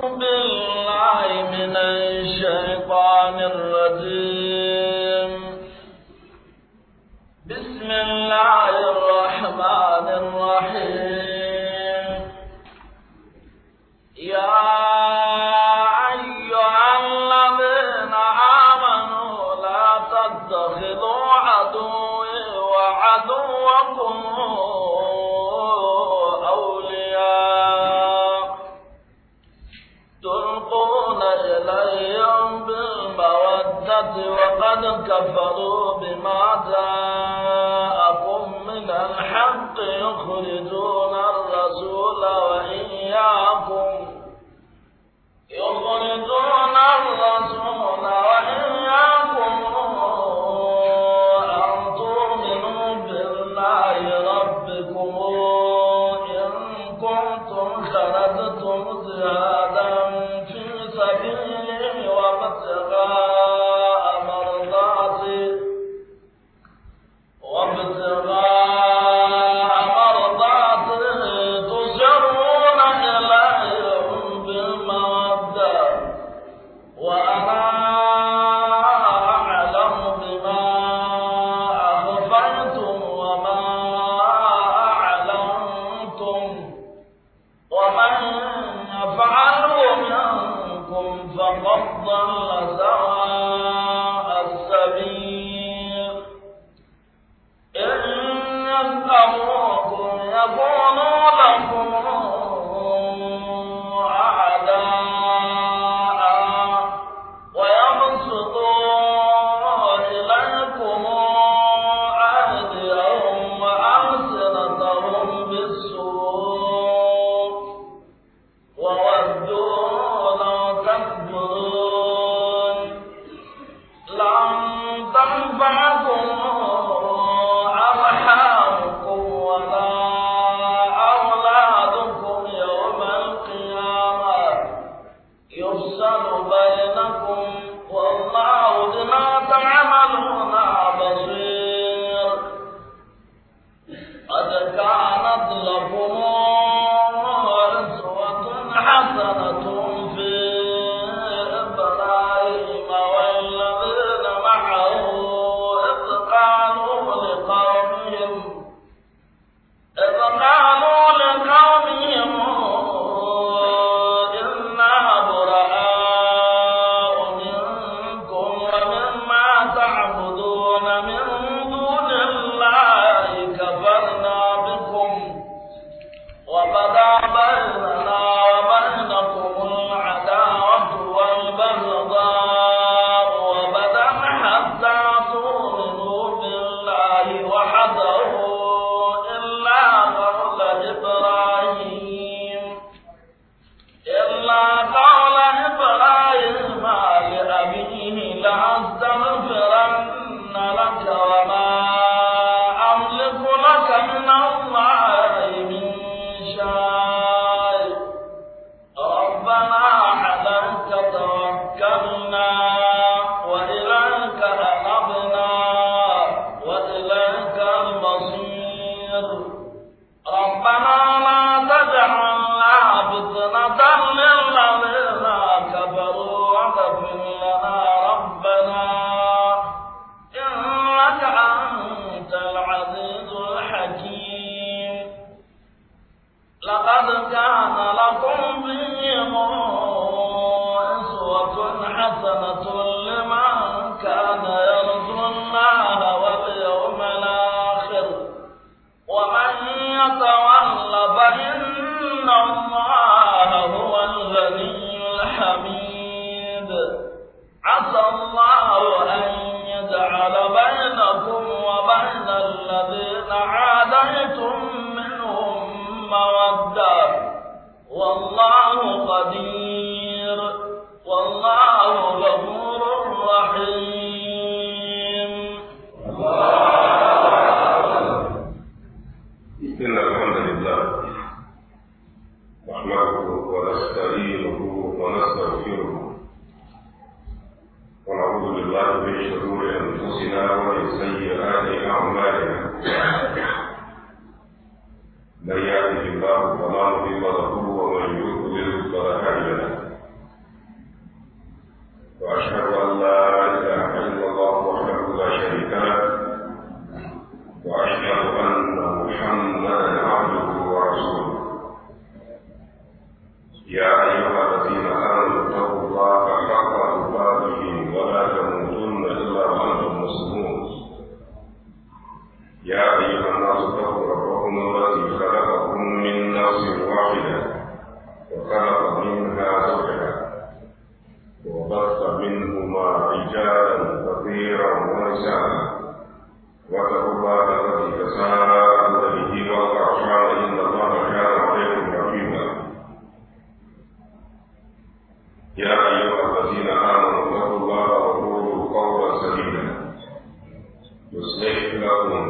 بالله بسم الله الرحمن الرحيم تكبروا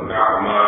نعماء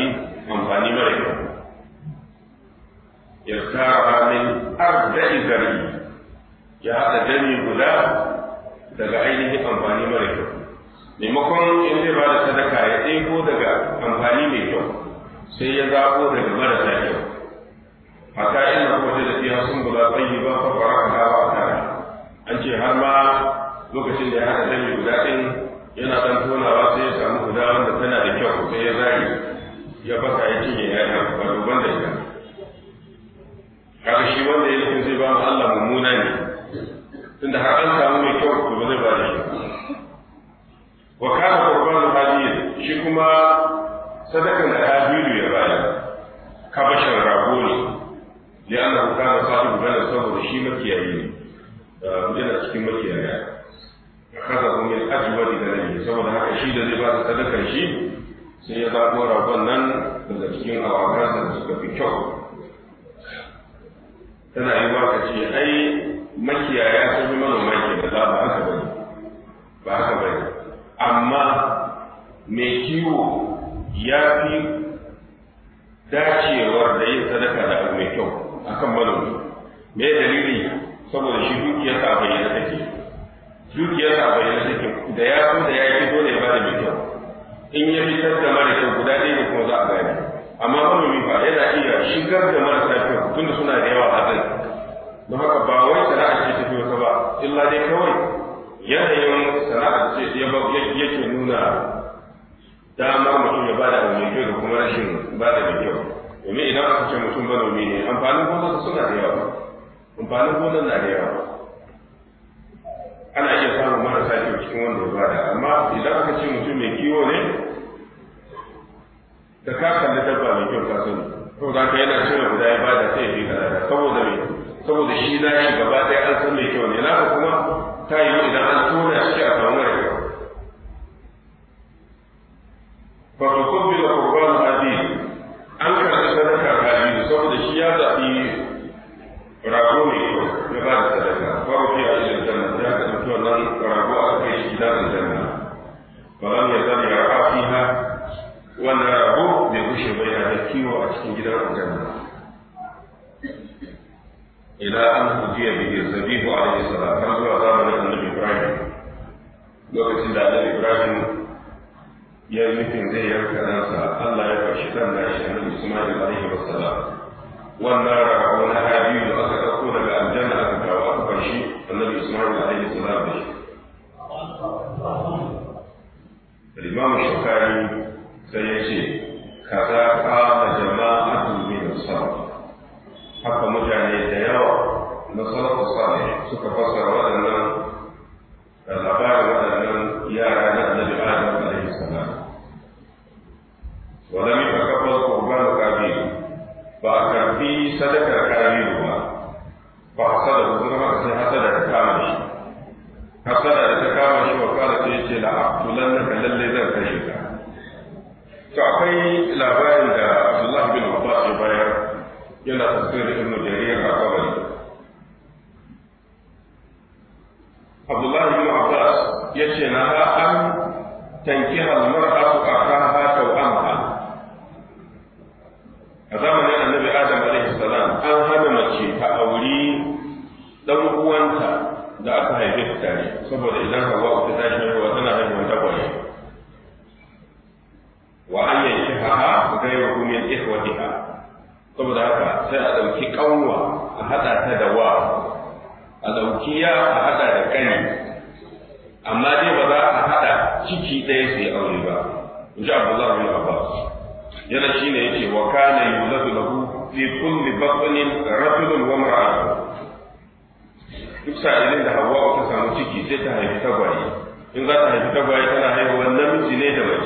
amfani amfani mara kyau ya kara min arba'i gari. ya haɗa jami guda daga ainihin amfani mara kyau maimakon in zai ba da sadaka ya ɗebo daga amfani mai kyau sai ya zaɓo daga marasa kyau hatta ina wajen da fiya sun bula tsayi ba fa fara ka ba an ce har ma lokacin da ya haɗa jami guda ɗin yana ɗan tonawa sai ya samu guda wanda tana da kyau sai ya zari ya fasa ya cinye ya'ya wato ban da ita kada shi wanda ya nufin zai ba Allah mummuna ne tunda har an samu mai kyau to ba zai ba da shi wa kana qurbanu hadiyya shi kuma sadakan da hadiyu ya bayar kabashin rago ne li'annahu kana sahibu da saboda shi makiyayi ne yana cikin makiyaya kaza yi ajwadi da ne saboda haka shi da zai ba sadakar shi sai ya zaɓo rabon nan daga cikin awakansa da suka fi kyau tana yi ba ka ce ai makiyaya sun fi manoma ke da za ba haka bane ba haka bane amma mai kiwo ya fi dacewar da yin sadaka da abu mai kyau akan manomi me dalili saboda shi dukiyar a bayyana take dukiyar a bayyana take da ya da ya yi dole ba da mai kyau in ya fitar da mara kyau guda ɗaya da kuma za a bayar amma manomi ba yana iya shigar da marasa kyau tunda suna da yawa a zai don haka ba wai sana'a ce tafi wata ba illa dai kawai yanayin sana'a ce yake nuna damar mutum ya bada mai kyau da kuma rashin bada mai kyau domin idan aka ce mutum manomi ne amfanin gona suna da yawa amfanin gona na da yawa ana iya samun marasa kyau cikin wanda ya bada amma idan aka ce mutum mai kiwo ne da ka kalli dabba mai kyau ka sani to za ka yana cewa guda ya bada sai ya bi da saboda me saboda shi na shi gaba ɗaya an san mai kyau ne na kuma ta yi idan an tura shi a samu mara kyau fa da qurban hadi an karɓi sadaka hadi saboda shi ya zaɓi rago ne kyau ya ba da sadaka babu shi a cikin janna sai aka ɗauki wannan rago aka kai shi gida da janna ba zan ya zama ya rafi ha wannan rago bai bushe ba yana da kiwo a cikin gidan aljanna ila an hujiya bihi zabihu alaihi salam har zuwa zamanin annabi ibrahim lokacin da annabi ibrahim ya yi nufin zai yanka ɗansa allah ya fashi ɗan nashi annabi ismail alaihi wassalam wannan wani hadiyu da aka ɗauko daga aljanna aka kawo aka fashi annabi Isma'il alaihi salam da shi الإمام الشوكاني سيأتي كذا قام جماعة من السلف حتى مجاني ديار نصرة الصالح سكة فصل ودن fi kulli batnin rajulun wa mar'atun duk sa'ilin da hawa ta samu ciki sai ta haifi tagwaye in za ta haifi tagwaye tana haihuwa namiji ne da mace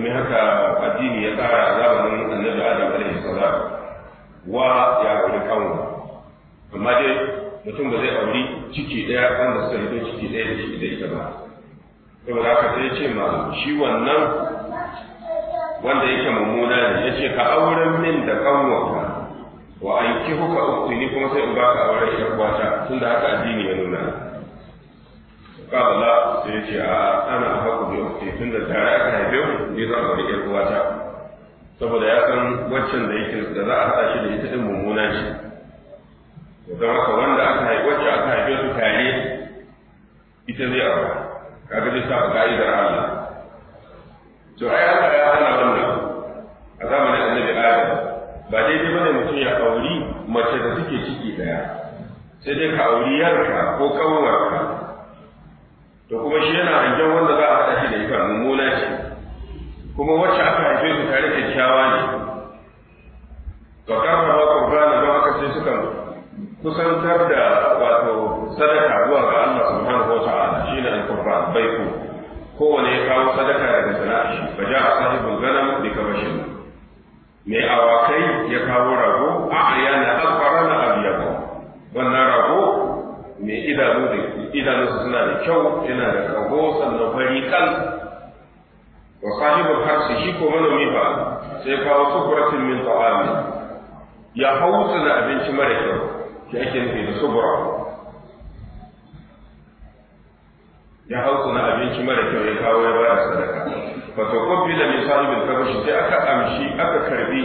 domin haka addini ya tsara a zamanin annabi adam alaihi salam wa ya auri kanwa amma dai mutum ba zai auri ciki ɗaya wanda suka hito ciki ɗaya da ciki ɗaya ba saboda haka sai ce ma shi wannan wanda yake mummuna ne ya ce ka auren min da kanwanka wa an ki huka uku ni kuma sai in ba ka auren kwata tun tunda haka addini ya nuna kala sai ya ce a ana haku bi tun da tare zan aure ƴar uwata saboda ya san waccan da yake da za a haɗa shi da ita din mummuna ce don haka wanda aka haifi wacce aka haifi su tare ita zai aure kaga zai saba ka'idar Allah to ai Allah ya hana wannan a zamanin annabi Adam ba dai dai bane mutum ya auri mace da suke ciki daya sai dai ka auri yarka ko kanwarka to kuma shi yana hangen wanda za a haɗa shi da ita mummuna ce kuma wacce aka haife su tare kyakkyawa ne ba karfafa qurbana ba aka ce suka kusantar da wato sadaka zuwa ga Allah subhanahu wa ta'ala shine al-qurban baiku kowane ya kawo sadaka daga sana'a shi ba ja sahibul ganam bi kamashin mai awakai ya kawo rago a ayyana akbara na abiyaba wannan rago me idanu da idanu suna da kyau yana da kago sannan fari kan wa sahibul harsi shi ko manomi fa sai kawo sufuratin min ta'ami ya hausa na abinci mara kyau shi ake nufi da sufura ya hausa na abinci mara kyau ya kawo ya bada sadaka fa kofi da min sahibul kabashi sai aka amshi aka karbi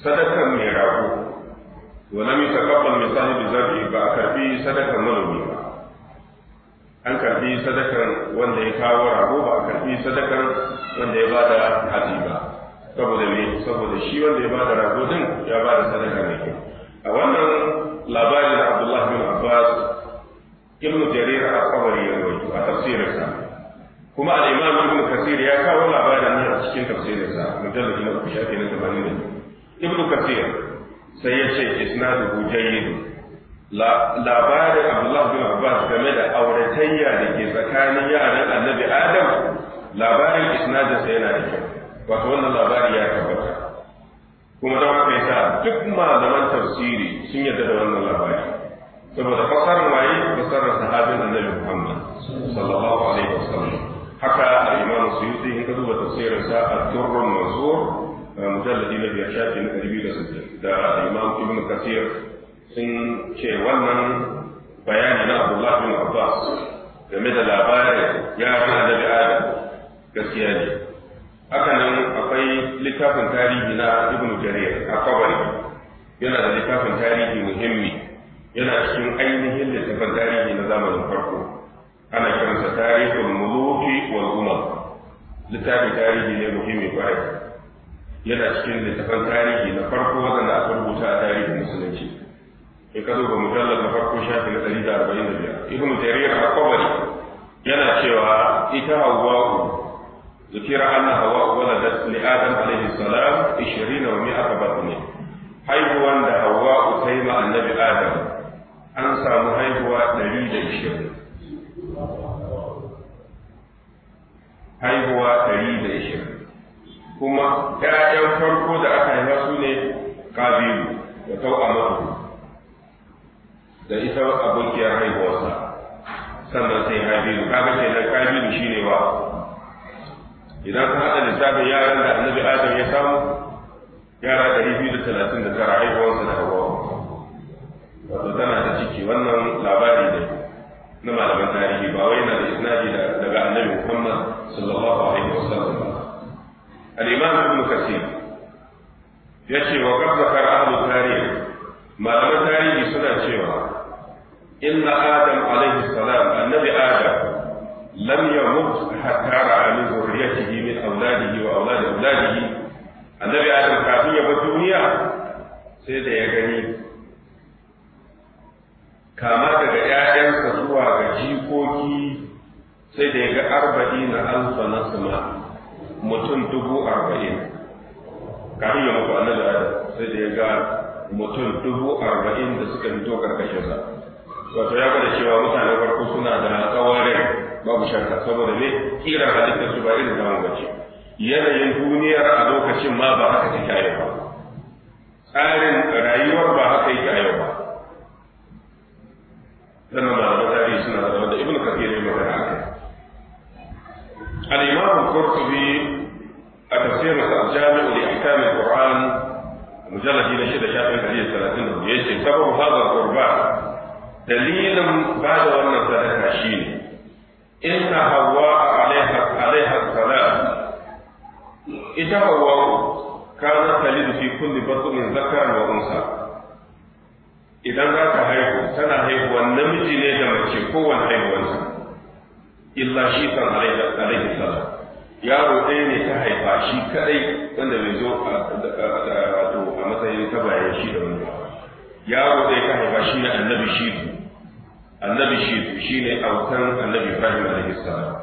sadakar mai rago wa lam yutaqabbal min sahibi zabi ba a karbi sadakar manomi an karbi sadakar wanda ya kawo rago ba a karbi sadakar wanda ya bada hatsi ba saboda ne saboda shi wanda ya bada rago din ya bada sadaka ne a wannan labarin da Abdullah bin Abbas Ibn Jarir al-Qabari ya rawaito a tafsirinsa kuma al-Imam Ibn Kathir ya kawo labarin nan a cikin tafsirinsa mujallad na 3 shafi na 82 Ibn Kathir sai ya ce isnadu jayyid labarin Abdullah bin Abbas game da auratayya da ke tsakanin yaran Annabi Adam labarin isnadin sa yana da kyau wato wannan labari ya tabbata kuma da haka yasa duk malaman tafsiri sun yarda da wannan labari saboda fasarar waye fasarar sahabin Annabi Muhammad sallallahu alaihi wasallam haka al-Imam Suyuti in ka duba tafsirin sa Ad-Durrul Mansur mujalladi na biyar shafi na 260 da da Imam Ibn Kathir sun ce wannan bayani na Abdullah bin Abbas game da labarin ya fi da Adam gaskiya ne haka nan akwai littafin tarihi na Ibn Jarir a kabari yana da littafin tarihi muhimmi yana cikin ainihin littafin tarihi na zamanin farko ana kiransa tarihin muluki wal umar littafin tarihi ne muhimmi kwarai yana cikin littafin tarihi na farko wanda aka rubuta a tarihin musulunci in ka duba mujallar na farko shafi na ɗari da arba'in da biyar ibnu jarir al-qabari yana cewa ita hawwa'u ذكر أن هواء ولدت لآدم عليه السلام عشرين ومئة بطن haihuwan da Hawwa'u ta yi ma annabi Adam an samu haihuwa ɗari Haihuwa ɗari da Kuma ‘ya'yan farko da aka haifa su ne ƙabilu da tau'a mafi. da ita abokiyar haihuwarsa sannan sai kabilu kaga kenan kabilu shine wa idan ka haɗa lissafin yaran da annabi adam ya samu yara ɗari biyu da talatin da tara haihuwarsa da hawa wato tana da ciki wannan labari ne na malaman tarihi ba wai na da isnadi daga annabi muhammad sallallahu alaihi wasallam al-imam ibn kasir yace wa qad zakara ahlu tarikh malaman tarihi suna cewa إن آدم عليه السلام النبي آدم لم يمت حتى رأى من ذريته من أولاده وأولاد أولاده النبي آدم كافية بالدنيا سيدة يا غني kama daga ‘ya'yansa zuwa ga jikoki sai da ya ga arba'in na alfa mutum dubu arba'in kafin ya mutu annabi adam sai da ya ga mutum dubu arba'in da suka fito karkashinsa wato ya gwada cewa mutane farko suna da tsawon rai babu shakka saboda ne kira halittar su ba irin namu bace yanayin duniyar a lokacin ma ba haka take yau ba tsarin rayuwar ba haka yake yau ba sannan ba da tarihi suna da wanda ibnu kathir ya magana haka al-imam al-qurtubi a tafsirin al-jami' li ahkam al-qur'an mujallad 6 shida shafin hadisi 30 yace sababu hadha al-qurban dalilin ba da wannan sadaka shi ne. inna hawa alaiha alaiha salam ita hawa ta talidu fi kulli batnin zakaran wa unsa idan za ta haihu tana haihuwa namiji ne da mace kowane haihuwarsa illa shi san alaihi salam yaro ɗaya ne ta haifa shi kadai wanda bai zo a matsayin tabayen shi da wani yaro zai ka ba shi ne annabi shidu annabi shi shi ne autan annabi ibrahim alaihi salam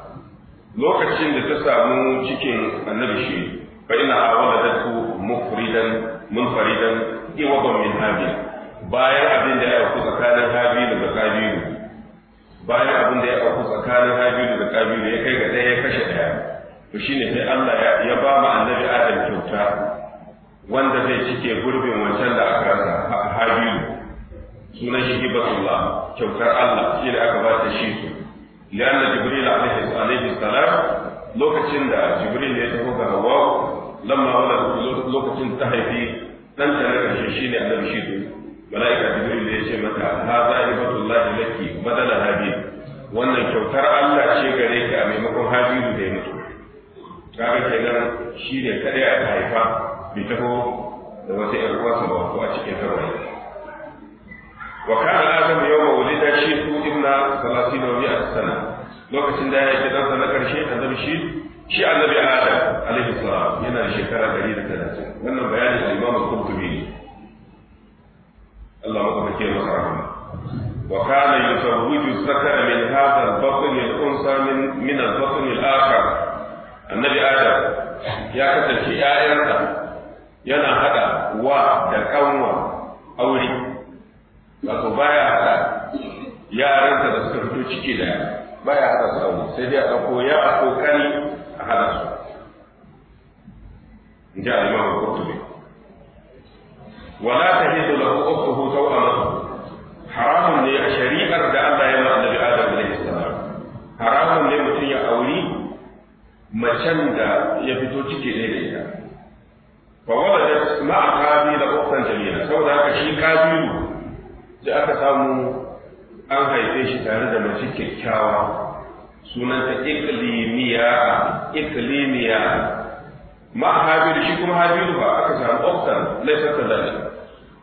lokacin da ta samu cikin annabi shi fa ina ku mufridan munfaridan ba min habil bayan abin da ya auku tsakanin habilu da Kabiru, bayan abin da ya auku tsakanin habilu da Kabiru, ya kai ga ɗaya ya kashe ɗaya to shine sai Allah ya ba mu annabi Adam kyauta wanda zai cike gurbin wancan da aka rasa habilu sunan shi hibatullah kyautar Allah shi da aka ba ta shi su lianna jibril alaihi salam lokacin da jibril ya tafi ga hawa lamma wala lokacin ta haifi dan ta daga shi shine annabi shi su malaika jibril ya ce mata hadha hibatullah laki badala habil wannan kyautar Allah ce gare ka maimakon habilu da ya mutu kaga kenan shi ne kadai aka haifa bai taho da wata ‘yar uwarsa ba ko a cikin sarwai. Wa kana Adam yau ma wuli da shi su ibna salatin wa mi'a lokacin da ya yi ɗansa na ƙarshe annabi shi shi annabi Adam alaihi salam yana da shekara ɗari da talatin wannan bayanin al-Imam al-Qurtubi ne. Allah maka fake masa rahama. وكان يزوج الذكر من هذا البطن الأنثى من من البطن الآخر النبي Annabi Adam ya kasance ƴaƴansa. yana haɗa wa da kanwa aure wato baya haɗa yaransa da suka fito ciki daya baya haɗa su aure sai dai a ɗauko ya a kokari a haɗa su in ji alimamu ne. wala ta hidu lahu a tawamatu haramun ne a shari'ar da Allah ya ma annabi Adam alaihi salam haramun ne mutum ya auri macen da ya fito ciki ne da ita fa waladat ma'a qabila ukhtan jamila saboda haka shi qabilu da aka samu an haife shi tare da mace kyakkyawa sunanta iklimiya iklimiya ma habiru shi kuma ba aka samu ukhtan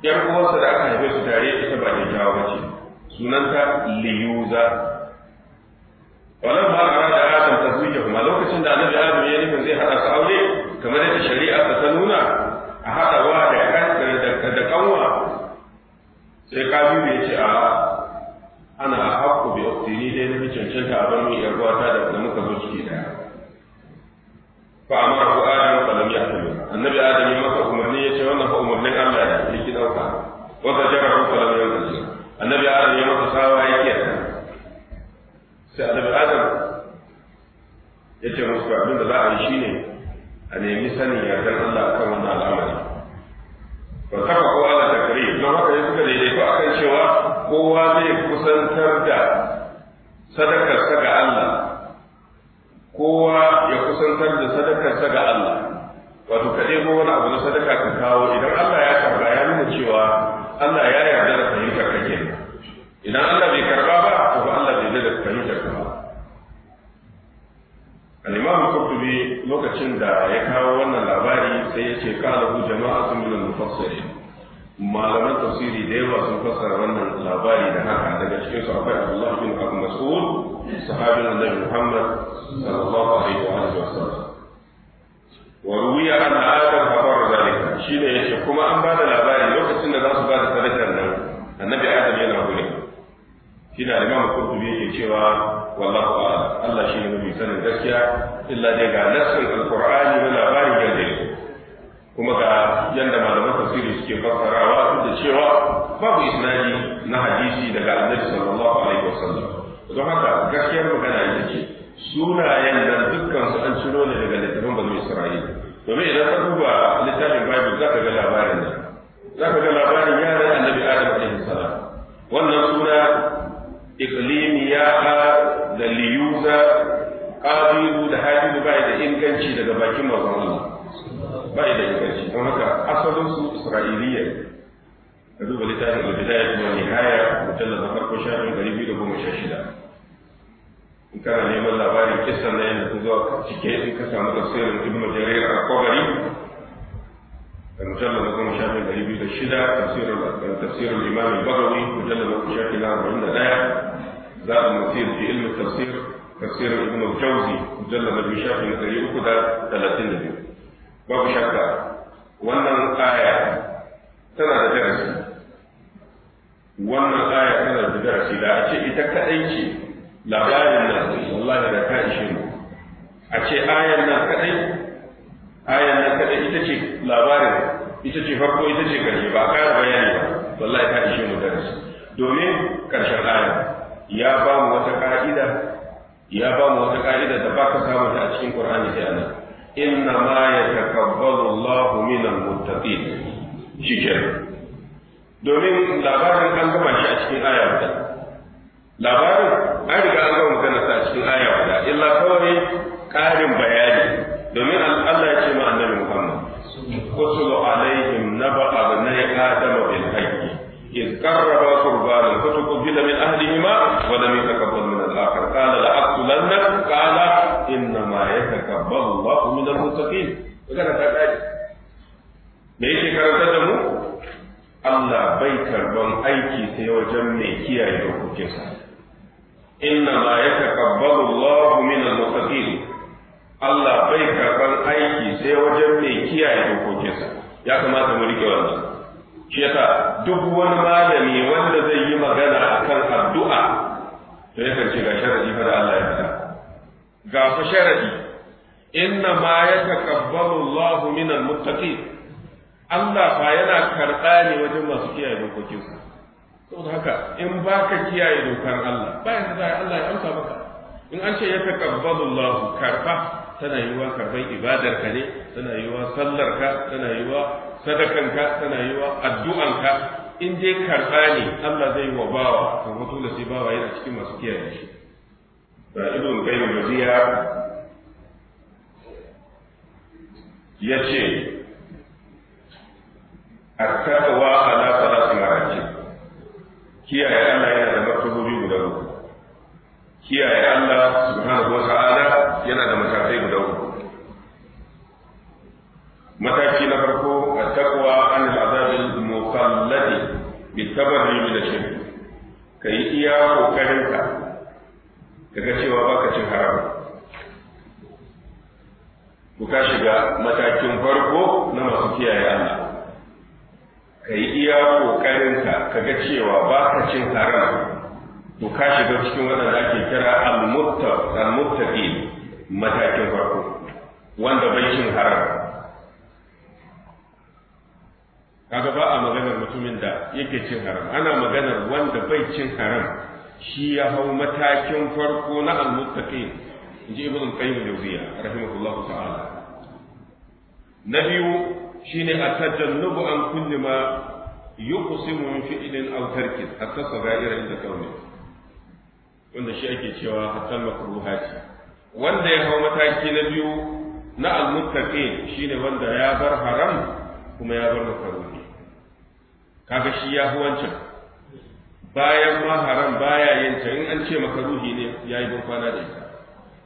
yar uwarsa da aka haife su tare ita ba kyakkyawa ba ce sunanta liyuza ولما أراد آدم da لو كنت أنا بآدم zai من زي aure. kamar yadda shari'a ta ta nuna a haɗawa da da kanwa sai kabiru ya ce a ana haƙƙo bi oktini dai na fi cancanta a bar min yar uwata da muka zo ciki daya fa ko'a da adam lamya ta yi annabi adam ya maka umarni ya ce wannan fa umarnin Allah ne yake dauka jara zajara fa lam yanzil annabi adam ya maka sawa yake sai annabi adam ya ce musu abin da za a yi shine a nemi sanin yardar Allah kan wannan al'amari ba kafa kowa da takari don haka ya suka daidaito a kan cewa kowa zai kusantar da sadakarsa ga Allah kowa ya kusantar da sadakarsa ga Allah wato ka ɗebo wani abu na sadaka ka kawo idan Allah ya karba ya nuna cewa Allah ya yarda da fahimtar kake idan Allah bai karba ba to Allah bai yarda da fahimtar ka ba al-imam qurtubi lokacin da ya kawo wannan labari sai ya ce qalahu jama'atun min al-mufassirin malaman tafsiri da yawa sun fassara wannan labari da haka daga cikin su akwai Abdullah bin Abu Mas'ud sahabin Annabi Muhammad sallallahu alaihi wa alihi wasallam wa ruwiya an adam habar zalika shine yace kuma an bada labari lokacin da za su bada sadakar nan Annabi Adam yana gure shi da Imam Qurtubi cewa wallahu Allah shi ne mafi sanin gaskiya illa dai ga nassin alqur'ani na labarin yadda yake kuma ga yadda malaman tafsiri suke fassarawa duk da cewa babu isnadi na hadisi daga annabi sallallahu alaihi wasallam don haka gaskiyar magana ita ce sunayen nan dukkan su an ne daga littafin banu isra'ila domin idan ka duba littafin za ka ga labarin nan bakin mazan Allah ba da inganci don haka asalin su isra'iliya ka duba littafin al-bidaya wa haya mujallal na farko shafin shida in kana neman labarin kisan na yadda ta zuwa cike in ka samu tafsirin ibn jarir a qabari da mujallal na goma shafin ɗari biyu da shida tafsirin tafsirin imam al-bagawi mujallal na goma shafin na arba'in da ɗaya za a masir fi ilmin tafsir tafsir ibn al-jawzi mujallal na biyu shafi na ɗari uku da talatin da biyu babu shakka wannan aya tana da darasi wannan aya tana da darasi da a ce ita kaɗai ce labarin nan wallahi da ta ishe mu a ce ayan nan kaɗai ayan nan kaɗai ita ce labarin ita ce farko ita ce ba a bayani ba wallahi ta ishe mu darasi domin karshen aya ya ba mu wata ƙa'ida ya ba mu wata ka'ida da baka samu ta a cikin Qur'ani da yana inna ma yatakabbalu Allahu al muttaqin shikenan domin labarin an gama shi a cikin aya guda labarin an riga an gama magana sa a cikin aya guda illa kawai ƙarin bayani domin Allah ya ce ma annabi Muhammad qutlu alaihim naba'a ibnai adama bil haqqi iz qarraba qurbanan fatuqbila min ahlihima wa lam yataqabbal الآخر قال لأقتلنك قال إنما يتكبر الله من المتقين وكذا تقال me yake karantar da mu Allah bai karban aiki sai wajen mai kiyaye dokokinsa inna ma yatakabbalu Allahu min al-muttaqin Allah bai karban aiki sai wajen mai kiyaye dokokinsa ya kamata mu rike wannan shi yasa duk wani malami wanda zai yi magana a kan addu'a to ya kace ga sharadi fa da Allah ya fita ga fa sharadi inna ma yatakabbalu Allah min almuttaqin Allah fa yana karɓa ne wajen masu kiyaye sa saboda haka in baka kiyaye dokar Allah bayan da Allah ya amsa maka in an ce ya taqabbalu Allah karfa tana yiwa karban ibadar ka ne tana yiwa sallar ka tana yiwa sadakan ka tana yiwa addu'an ka in dai karɓa ne Allah zai wa bawa to mutum da sai bawa yana cikin masu kiyaye shi da ibn qayyim baziya yace at-taqwa ala salati maratib kiyaye Allah yana da martabobi guda uku kiyaye Allah subhanahu wa ta'ala yana da matakai guda uku mataki na farko at-taqwa anil mukalladi bi tabarri min shirk kai iya kokarin ka kaga cewa baka cin haram ku ka shiga matakin farko na masu kiyaye Allah kai iya kokarin ka kaga cewa baka cin haram ku ka shiga cikin waɗanda ake kira al-muttaqin matakin farko wanda bai cin haram kaga ba a maganar mutumin da yake cin haram ana maganar wanda bai cin haram shi ya hau matakin farko na almuttaqin inji ibn qayyim al-jawziya rahimahullahu ta'ala na biyu shine at-tajannubu an kulli ma yuqsimu min fi'lin aw tarkin hatta sagaira inda kauni wanda shi ake cewa hatta makruhati wanda ya hau mataki na biyu na almuttaqin shine wanda ya bar haram kuma ya bar makruhi kaga shi ya fi wancan bayan ma haram baya yin ta in an ce makaruhi ne ya yi kwana da ita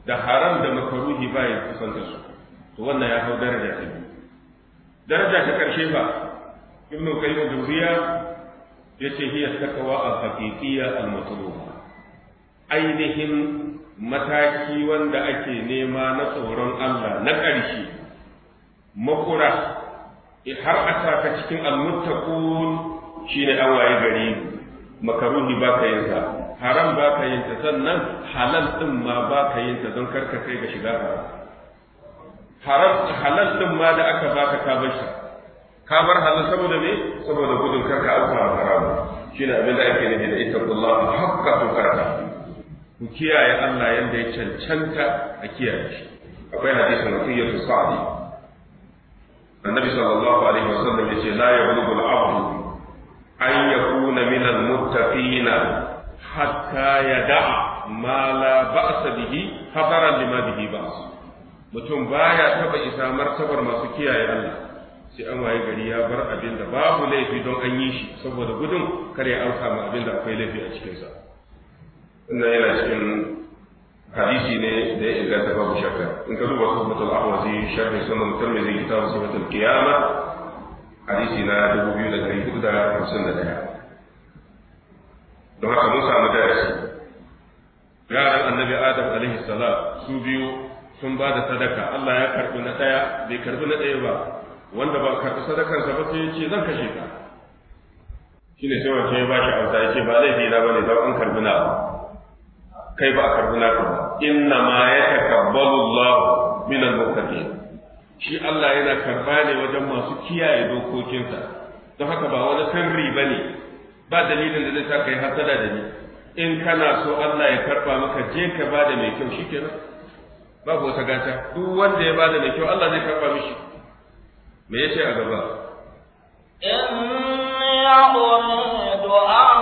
da haram da makaruhi baya kusanta su to wannan ya hau daraja ta biyu daraja ta karshe ba kai qayyim dubiya ce hiya taqwa al-haqiqiyya al-matluba ainihin mataki wanda ake nema na tsoron Allah na ƙarshe makura Eh, har a ka cikin almuttaqun shine an waye gari makarun ba ka yin sa haram ba ka yin ta sannan halal din ma ba ka yin ta don karka kai ga shiga haram haram halal din ma da aka baka ka bar shi ka bar halal saboda me saboda gudun karka alfa haram shine abin da ake nufi da kullahu haqqa tuqata ku kiyaye Allah yanda ya cancanta a kiyaye shi akwai hadisin wasiyatu sa'di annabi sallallahu alaihi wasallam yace la ya al-abdu an yakuna min al-muttaqin hatta yada'a ma la ba'sa bihi hadaran lima bihi ba, mutum baya taba isa martabar masu kiyaye Allah sai an waye gari ya bar abin da babu laifi don an yi shi saboda gudun kar ya auka ma abin da akwai laifi a cikinsa. Ina yana cikin hadisi ne da ya inganta babu shakka in ka duba sunan al-ahwazi sharhi sunan tirmidhi kitab sunan al-qiyama hadisi na 2451 don haka mun samu darasi yaran annabi adam alaihi salam su biyu sun ba sadaka Allah ya karbi na daya bai karbi na daya ba wanda ba karbi sadakarsa ba sai ce zan kashe ka shine sai wancan ya bashi ya ce ba laifi na bane don an karbi na kai ba a karbi na ka ba inna ma ya takabbalu Allah min al-muttaqin shi Allah yana karba ne wajen masu kiyaye dokokinsa don haka ba wani sirri bane ba dalilin da zai sa kai hasada da ni in kana so Allah ya karba maka je ka bada mai kyau shikenan babu wata gata duk wanda ya bada mai kyau Allah zai karba mishi me yace a gaba inni uridu an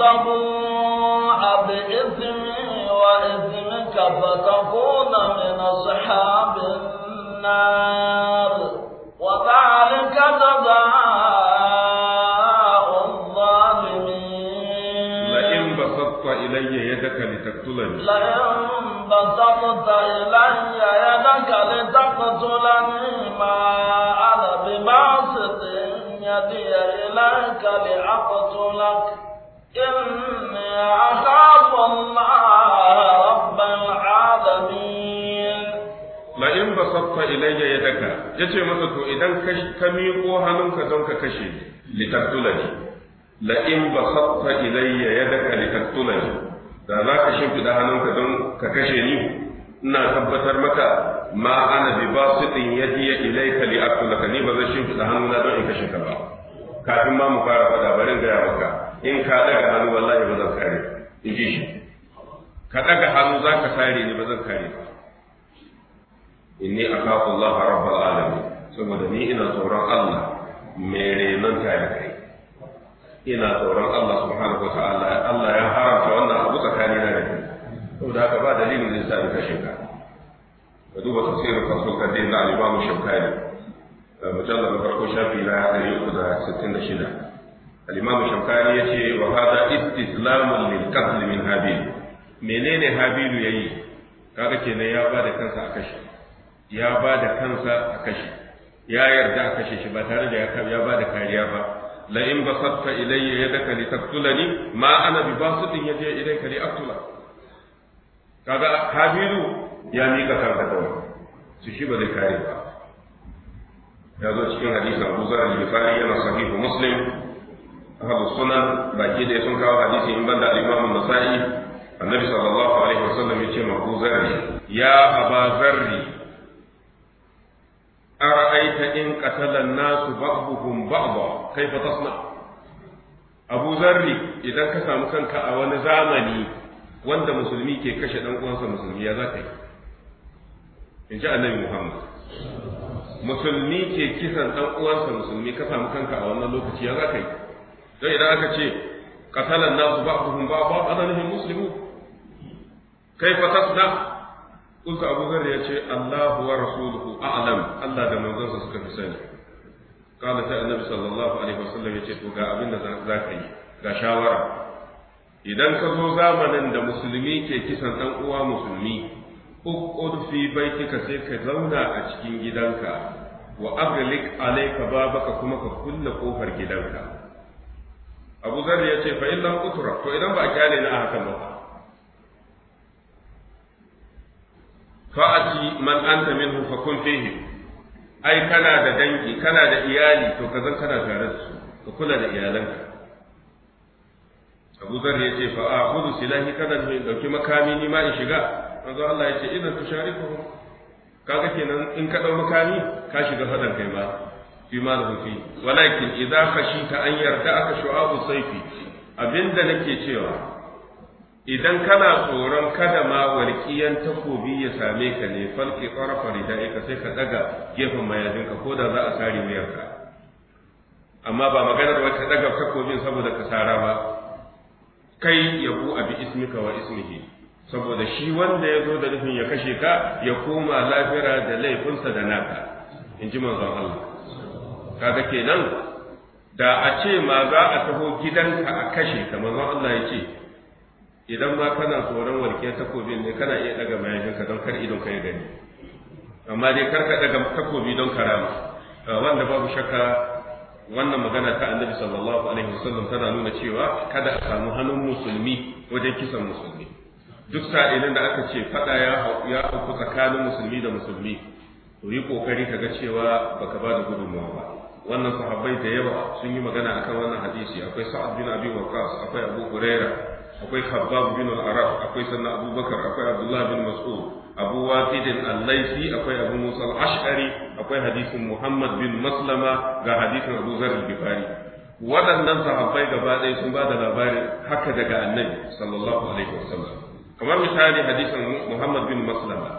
tabu abismi فتكون من أصحاب النار وذلك جزاء الظالمين لئن بسطت إلي يدك لتقتلني لئن بسطت إلي يدك لتقتلني ما أنا بباسط يدي إليك لأقتلك إني أخاف ilayya ya ce masa to idan ka miƙo hannunka don ka kashe ni litaktulani la in sabta ilayya yadaka litaktulani da za ka shimfiɗa hannunka don ka kashe ni ina tabbatar maka ma ana bi ba su ya ilai yadiya ilayka li ka ni ba zai shimfiɗa hannuna don in kashe ka ba kafin ma mu fara faɗa bari in gaya maka in ka daga hannu wallahi ba zan kare in ji shi ka daga hannu za ka kare ni ba zan kare ba inni akhafu Allah rabbal alamin saboda ni ina tsoron Allah mai renon kai? ina tsoron Allah subhanahu wa Allah ya haramta wannan abu tsakanina da kai saboda haka ba dalilin zai sa ni kashe ka ka duba tafsirin fasul kaddin da al-Imam Shawkani mujallal na farko shafi na 366 al-Imam Shawkani yace wa hada istislamun lil qatl min Habil menene Habilu yayi kaga kenan ya ba da kansa a kashe ya ba da kansa a kashe ya yarda a kashe shi ba tare da ya ba da kariya ba la in sabta ilayya daka li taqtulani ma ana bi basitin idan ka li aqtula kaga habilu ya mika kansa kawai su shi ba zai kare ba ya zo cikin hadisi Abu Zar al-Bukhari yana sahihu Muslim Abu sunan baki da sun kawo hadisi in banda imam an-Nasa'i annabi sallallahu alaihi wasallam ce ma Abu Zar ya Abu Zarri أرأيت إن قتل الناس بعضهم بعضا كيف تصنع أبو ذر إذا كسام كنك أول زامني وأنت مسلمي كي كشد أن أنت مسلمي يا إن جاء النبي محمد musulmi ke kisan ɗan uwansa musulmi ka samu kanka a wannan lokaci ya za yi don idan aka ce katalan nasu ba ba ba ba ana nufin musulmi kai fa tasda kulta abu zar ya ce Allahu wa rasuluhu a'lam Allah da manzonsa suka fi sani kala ta annabi sallallahu alaihi wasallam ya ce to ga abin da za ka yi ga shawara idan ka zo zamanin da musulmi ke kisan dan uwa musulmi uqud fi baitika sai ka zauna a cikin gidanka wa aghliq alayka babaka kuma ka kulle kofar gidanka Abu Zar ya ce fa illam utra to idan ba a kyale na hakan ba fa'ati man anta minhu fa kun fihi ai kana da dangi kana da iyali to ka zan kana tare da su ka kula da iyalanka Abu ya yace fa akhudhu silahi kada mu dauki makami ni ma in shiga manzo Allah yace idan ku tushariku kaga kenan in ka dau makami ka shiga fadan kai ba fi ma rufi walakin idza khashita an yarda aka shu'abu sayfi abinda nake cewa idan kana tsoron kada ma warkiyan takobi ya same ka ne falki tsarafa ka sai ka daga gefen mayafinka ko da za a sare ka amma ba maganar ka daga takobin saboda ka sara ba kai ya ku abi ismika wa ismihi saboda shi wanda ya zo da nufin ya kashe ka ya koma lafira da laifinsa da naka in ji manzon Allah kaga kenan da a ce ma za a taho gidanka a kashe ka manzon Allah ya ce idan ma kana tsoron warke takobin ne kana iya daga mayafinka don kar idon ka ya gani amma dai kar ka daga takobi don karama ah, wanda babu shakka wannan magana ta annabi sallallahu alaihi wasallam tana nuna cewa kada a samu hannun musulmi wajen kisan musulmi duk sa'ilin da aka ce fada ya ya auku tsakanin musulmi da musulmi to yi kokari ga cewa baka ba da gudunmawa ba wannan sahabbai da yawa sun yi magana akan wannan hadisi akwai sa'ad bin abi waqas akwai abu hurairah akwai khabbab bin al-arab akwai sannan abubakar akwai abdullah bin mas'ud abu waqid al-laisi akwai abu musa al-ash'ari akwai hadisin muhammad bin maslama ga hadisin abu zar al-bukhari waɗannan sahabbai gaba ɗaya sun ba da labarin haka daga annabi sallallahu alaihi wasallam kamar misali hadisin muhammad bin maslama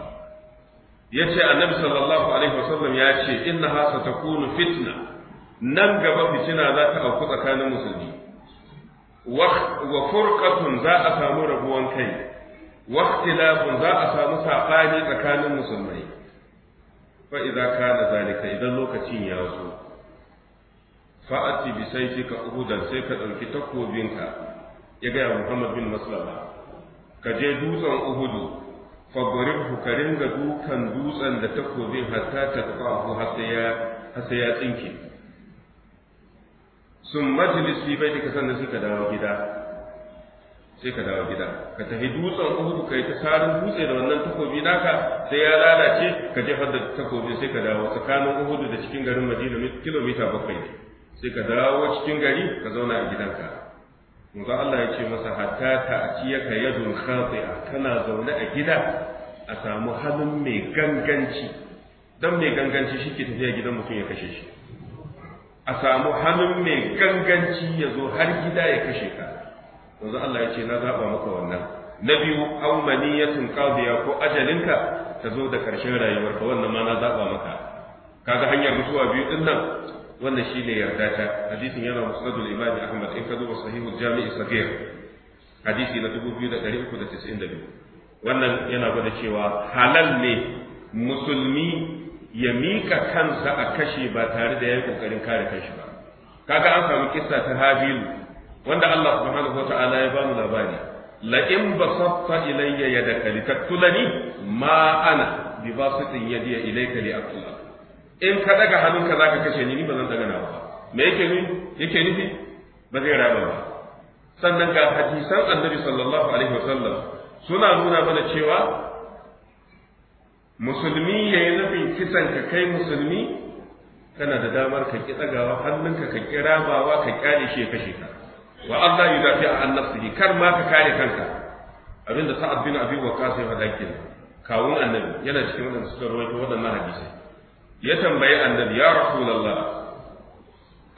ya ce annabi sallallahu alaihi wasallam ya ce innaha satakunu fitna nan gaba fitina za ta auku tsakanin musulmi wa furqatun za a samu rabuwan kai wa ikhtilafun za a samu saɓani tsakanin musulmai fa idza kana zalika idan lokacin ya zo fa ati bi sayfika uhudan sai ka dauki takobinka ya ga Muhammad bin Maslama ka je dutsen Uhudu fa ka ringa dukan dutsen da takobin hatta ta tsahu har sai ya tsinke sun majlis bai baitika sannan suka ka dawo gida sai ka dawo gida ka tafi dutsen uhudu yi ta sarin dutse da wannan takobi naka sai ya lalace ka jefar da takobi sai ka dawo tsakanin uhudu da cikin garin madina kilomita bakwai ne sai ka dawo cikin gari ka zauna a gidanka manzo Allah ya ce masa hatta ta'tiyaka yadun khati'a kana zaune a gida a samu hannun mai ganganci dan mai ganganci shi ke tafiya gidan mutum ya kashe shi a samu hannun mai ganganci ya zo har gida ya kashe ka yanzu Allah ya ce na zaba maka wannan na biyu aw maniyatun qadiya ko ajalinka ta zo da karshen rayuwarka wannan ma na zaba maka kaga hanyar mutuwa biyu din nan wannan shine yarda ta hadisin yana musnadul imam Ahmad in ka zuba sahihul jami'i sagir hadisi na 2392 wannan yana gwada cewa halal ne musulmi ya mika kansa a kashe ba tare da yi kokarin kare kanshi ba kaga an samu kissa ta Habilu wanda Allah subhanahu ta'ala ya bamu labari la in basatta ilayya yadaka litaktulani ma ana bi basatin yadiya ilayka li aqtulak in ka daga hannunka zaka kashe ni ni zan daga na ba me yake ni yake nufi ba zai raba ba sannan ga hadisan Annabi sallallahu alaihi wasallam suna nuna mana cewa musulmi ya yi nufin kisan ka kai musulmi kana da damar ka ki tsagawa hannunka ka ki rabawa ka kyale shi ya kashe ka wa Allah ya dafi a an nafsihi kar ma ka kare kanka abinda sa'ad bin abi waqas ya faɗa kenan kawun annabi yana cikin wadanda suka rawaito waɗannan hadisai ya tambayi annabi ya rasulullah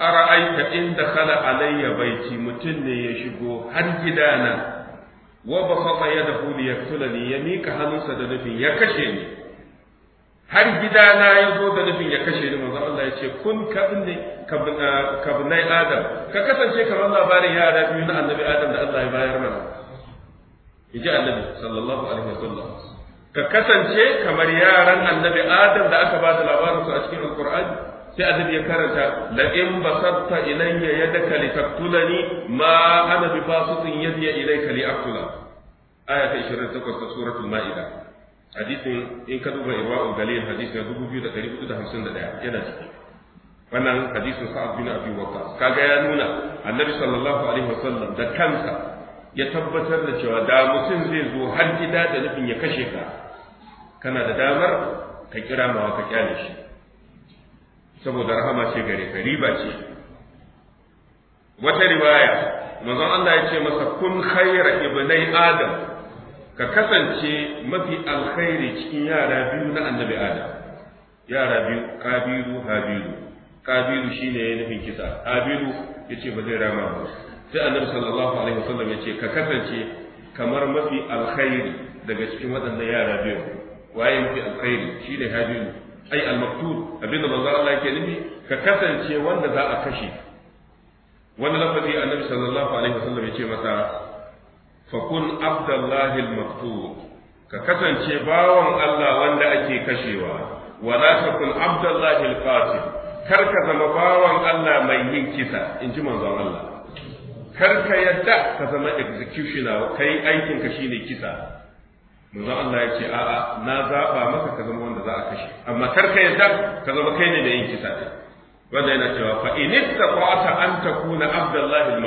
ara'aita in dakhala alayya baiti mutun ne ya shigo har gidana wa basaqa yadahu li yaqtulani ya mika hannunsa da nufin ya kashe ni har gida na ya zo da nufin ya kashe ni manzo Allah ya ce kun ka inne ka ah, bunai adam ka kasance kamar labarin yara biyu na annabi adam da Allah ya bayar mana yaji annabi sallallahu alaihi wasallam ka kasance kamar yaran annabi adam da aka ba da labarin su a cikin alqur'ani sai annabi ya karanta la in basatta ilayya yadaka litaqtulani ma ana bi basitin yadiya ilayka li aqtula aya ta 28 ta suratul ma'idah hadisin in ka duba irwa'ul galil hamsin da ɗaya yana ciki wannan hadisin sa'ad abin abi waqas kaga ya nuna annabi sallallahu alaihi wasallam da kansa ya tabbatar da cewa da mutum zai zo har gida da nufin ya kashe ka kana da damar ka kira mawa ka kyale shi saboda rahama ce gare ka riba ce wata riwaya manzon Allah ya ce masa kun khayra ibnai adam ka kasance mafi alkhairi cikin yara biyu na annabi adam yara biyu kabiru habiru kabiru shine ya nufin kisa Habiru ya ce ba zai rama ba sai annabi sallallahu alaihi wasallam ya ce ka kasance kamar mafi alkhairi daga cikin waɗannan yara biyu waye mafi alkhairi shine Habiru. ai al-maktul abinda manzo Allah yake nufi ka kasance wanda za a kashe wani lafazi annabi sallallahu alaihi wasallam ya ce masa fakun abdullahi al ka kasance bawan Allah wanda ake kashewa wala kun abdullahi al kar ka zama bawan Allah mai yin kisa in ji manzon Allah kar ka yadda ka zama executioner kai aikin ka shine kisa manzon Allah yace ce a'a na zaba maka ka zama wanda za a kashe amma kar ka yadda ka zama kai ne mai yin kisa wanda yana cewa fa in istata an takuna abdullahi al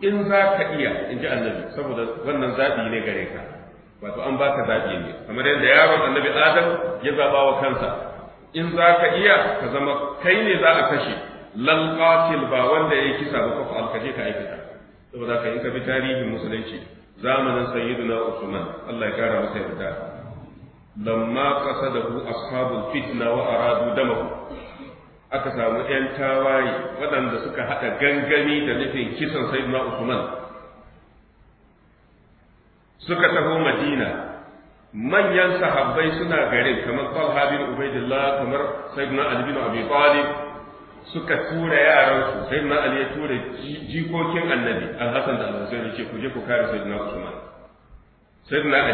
in za ka iya in ji annabi saboda wannan zaɓi ne gare ka wato an baka zaɓi ne kamar yadda yaron annabi adam ya zaɓa wa kansa in za ka iya ka zama kai ne za a kashe lal qatil ba wanda ya kisa ba kafa alkaje ka aikata saboda ka in ka bi tarihin musulunci zamanin sayyiduna usman Allah ya kara masa yarda lamma qasadahu ashabul fitna wa aradu damahu aka samu 'yan tawaye waɗanda suka haɗa gangami da nufin kisan na Usman suka taho Madina manyan sahabbai suna garin kamar Talha bin Ubaidillah kamar sayyidina Ali bin Abi Talib suka tura yaransu sayyidina Ali ya tura jikokin Annabi Al-Hasan da Al-Husayn ce ku je ku kare sayyidina Usman sayyidina ali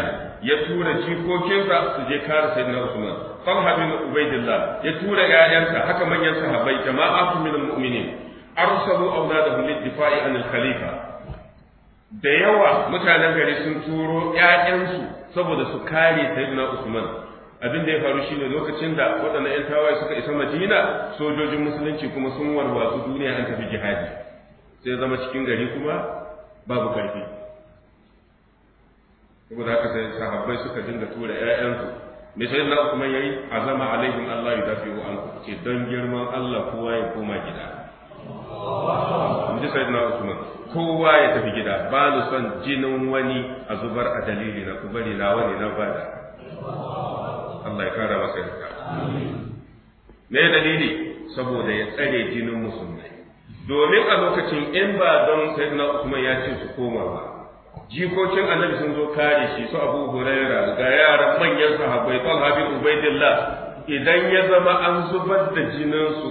ya tura jikokinsa su je kare sayyidina usman talha bin ubaydillah ya tura ƴaƴansa haka manyan sahabbai jama'atu min mu'minin arsalu awladahum lid-difa'i an al-khalifa da yawa mutanen gari sun turo ƴaƴansu saboda su kare sayyidina usman abin da ya faru shine lokacin da waɗannan ƴan tawaye suka isa madina sojojin musulunci kuma sun warwatsu duniya an tafi jihadi sai zama cikin gari kuma babu karfi saboda haka sai sahabbai suka dinga tura ƴaƴansu me sai Allah kuma yayi azama alaihim Allah ya dafi wa anku ce dan girman Allah kowa ya koma gida inji sai na Usman kowa ya tafi gida ba ni son jinin wani a zubar a dalili na kubari na wani na bada Allah ya kara masa yarda me dalili saboda ya tsare jinin musulmai domin a lokacin in ba don sai na kuma ya ce su koma ba jikokin annabi sun zo kare shi su abu huraira ga yaran manyan sahabbai kan bin ubaidillah idan ya zama an zubar da jininsu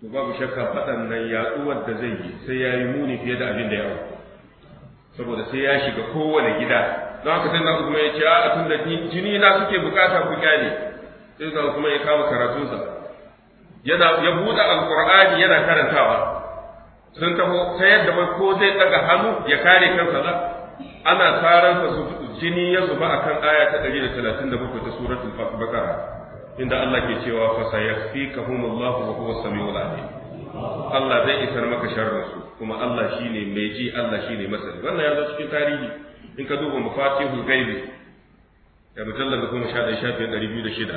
to babu shakka faɗannan yaɗuwar da zai yi sai ya yi muni fiye da abin da ya saboda sai ya shiga kowane gida don haka sai na kuma ya ce a tun da jini na suke bukata ku kyale sai na kuma ya kama karatunsa yana ya buɗe alƙur'ani yana karantawa sun taho ta yadda wai ko zai daga hannu ya kare kansa za ana saran sa su jini ya zuba akan aya ta 137 ta suratul baqara inda Allah ke cewa fa sayakfikahumullahu wa huwa samiul alim Allah zai isar maka sharrin su kuma Allah shine mai ji Allah shine masani wannan yanzu cikin tarihi in ka duba mafatihul ghaibi da kuma 11 shafin 206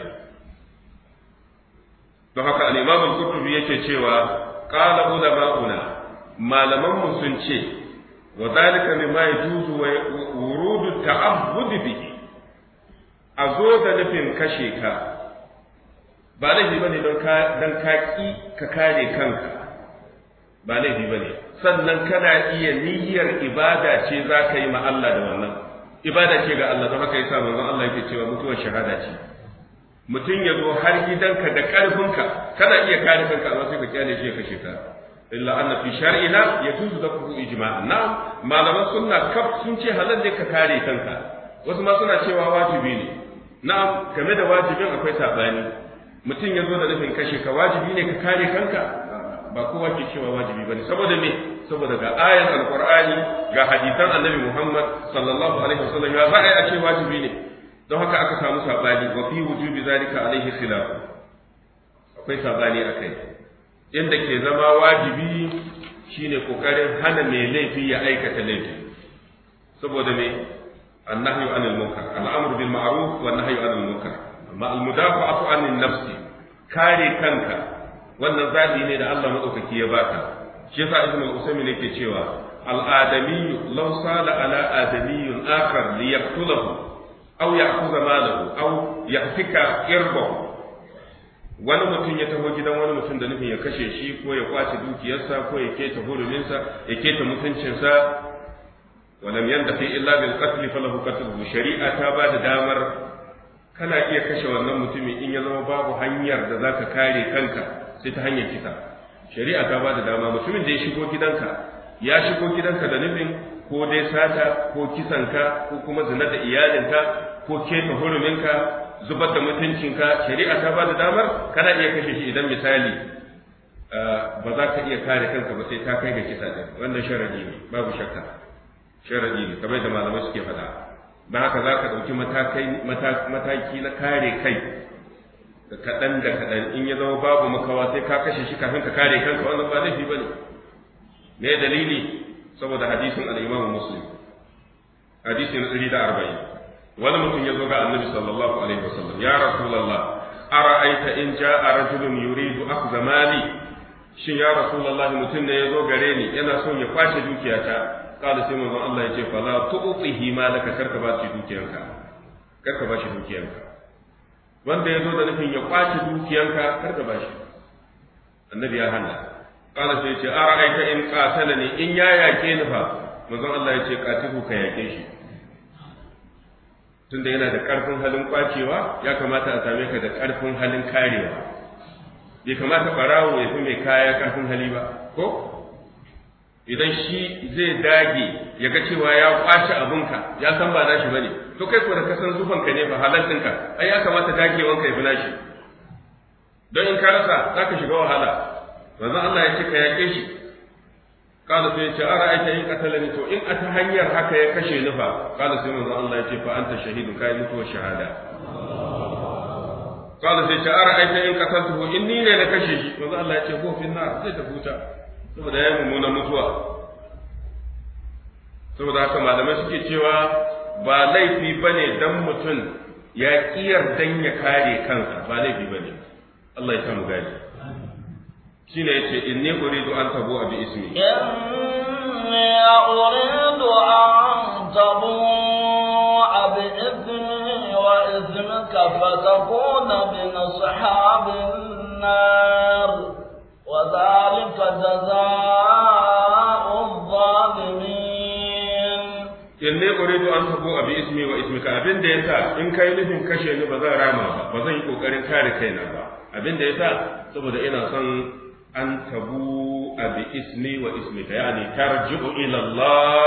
don haka al-imam al qurtubi yake cewa qala ulama'una malaman mu sun ce wa zalika mimma yajuzu wa wurudu ta'abbud bi a zo da nufin kashe ka ba laifi bane don ka dan ka ki ka kare kanka ba laifi bane sannan kana iya niyyar ibada ce za ka yi ma Allah da wannan ibada ce ga Allah da haka yasa manzon Allah yake cewa mutuwar shahada ce mutum ya zo har gidanka da ƙarfinka kana iya kare kanka amma sai ka kyale shi ya kashe ka illa anna fi shar'ina yajuzu dhakru ijma'an na malaman sunna kaf sun ce halal ne ka kare kanka wasu ma suna cewa wajibi ne na'am game da wajibin akwai sabani mutum ya zo da nufin kashe ka wajibi ne ka kare kanka ba kowa ke cewa wajibi bane saboda me saboda ga ayat alqur'ani ga hadisan annabi muhammad sallallahu alaihi wasallam ya za a a ce wajibi ne don haka aka samu sabani wa fi wujubi zalika alaihi khilaf akwai sabani akai inda ke zama wajibi shine kokarin hana mai laifi ya aikata laifi saboda me annahyu anil munkar al'amru bil ma'ruf wa nahyu anil munkar amma al mudafa'atu anin nafsi kare kanka wannan zabi ne da Allah madaukaki ya baka shi yasa ibn usaymin yake cewa al adami law sala ala adami akhar li yaqtulahu aw ya'khudha malahu aw yahtika irbahu wani mutum ya taho gidan wani mutum da nufin ya kashe shi ko ya kwace dukiyarsa ko ya keta huruminsa ya keta mutuncinsa walam yandafi illa bil qatl falahu qatluhu shari'a ta ba da damar kana iya kashe wannan mutumin in ya zama babu hanyar da zaka kare kanka sai ta hanyar kisa shari'a ta ba da dama mutumin da ya shigo gidanka ya shigo gidanka da nufin ko dai sata ko kisanka ko kuma zina da iyalinka ko keta huruminka zubar da mutuncinka shari'a ta ba da damar kana iya kashe shi idan misali ba za ka iya kare kanka ba sai ta kai ga kisa ne wannan sharadi ne babu shakka sharadi ne kamar da malamai suke faɗa don haka za ka ɗauki mataki na kare kai da kaɗan da kaɗan in ya zama babu makawa sai ka kashe shi kafin ka kare kanka wannan ba laifi ba ne me dalili saboda hadisin al'imamu muslim hadisi na da arba'in wani mutum ya zo ga annabi sallallahu alaihi wasallam ya rasulullah ara'aita in ja ja'a rajulun yuridu akhdha mali shin ya rasulullah mutum ne ya zo gare ni yana son ya kwace dukiyata qala sai manzon Allah ya ce fala tu'tihi malaka karka ba shi dukiyanka karka ba shi dukiyanka wanda ya zo da nufin ya kwace dukiyanka karka ba shi annabi ya hana qala sai ya ce ara'aita in qatalani in ya yake ni fa manzon Allah ya ce qatihu ka yake shi tunda yana da ƙarfin halin kwacewa ya kamata a same ka da ƙarfin halin karewa bai kamata ɓarawo ya fi mai kaya ƙarfin hali ba ko idan shi zai dage ya ga cewa ya kwace abinka ya san ba nashi bane to kai ko da kasan zufanka ne ba ɗinka ai ya kamata dagewanka ya fi nashi don in ka rasa za ka shiga wahala manzon Allah ya ce ka yaƙe shi kada sai ce ara aita in qatalani to in a ta hanyar haka ya kashe ni fa kada sai manzo Allah ya ce fa anta shahidu kai mutuwa shahada kada sai ce ara aita in qataltuhu in ni ne da kashe shi manzo Allah ya ce ko fi nar sai ta huta saboda ya mummuna mutuwa saboda haka malamai suke cewa ba laifi bane dan mutum ya kiyar dan ya kare kansa ba laifi bane Allah ya samu gani shine yace inni uridu an tabu bi ismi inni uridu an tabu bi ismi wa ismika fatakuna min ashabin nar wa dhalika jazaa'u adh-dhalimin inni uridu an tabu bi ismi wa ismika abinda yasa in kai nufin kashe ni ba zan rama ba ba zan yi kokarin kare kaina ba abin abinda yasa saboda ina son an tabu bi ismi wa ismi ismika yani tarji'u ila Allah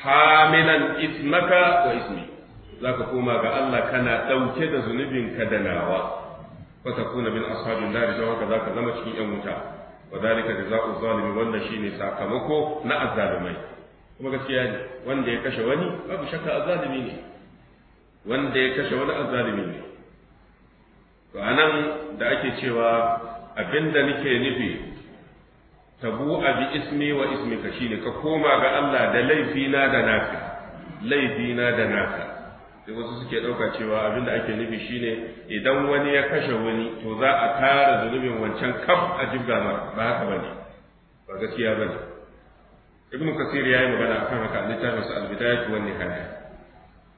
hamilan ismaka wa ismi zaka koma ga Allah kana dauke da zunubin ka da nawa fa takuna min ashabin nar da haka zaka zama cikin yan wuta wa zalika jazaa'u zalimi wannan shine sakamako na azzalumai kuma gaskiya ne wanda ya kashe wani babu shakka azzalumi ne wanda ya kashe wani azzalumi ne to anan da ake cewa Abin da nake nufi tabu abi ismi wa shi shine ka koma ga Allah da laifina da naka laifina da naka sai wasu suke ɗauka cewa abin da ake nufi shine idan wani ya kashe wani to za a tara zunubin wancan kaf a jibga ba haka bane ba gaskiya bane ibnu kasir yayi magana akan haka a littafin sa al-bidayah wa nihaya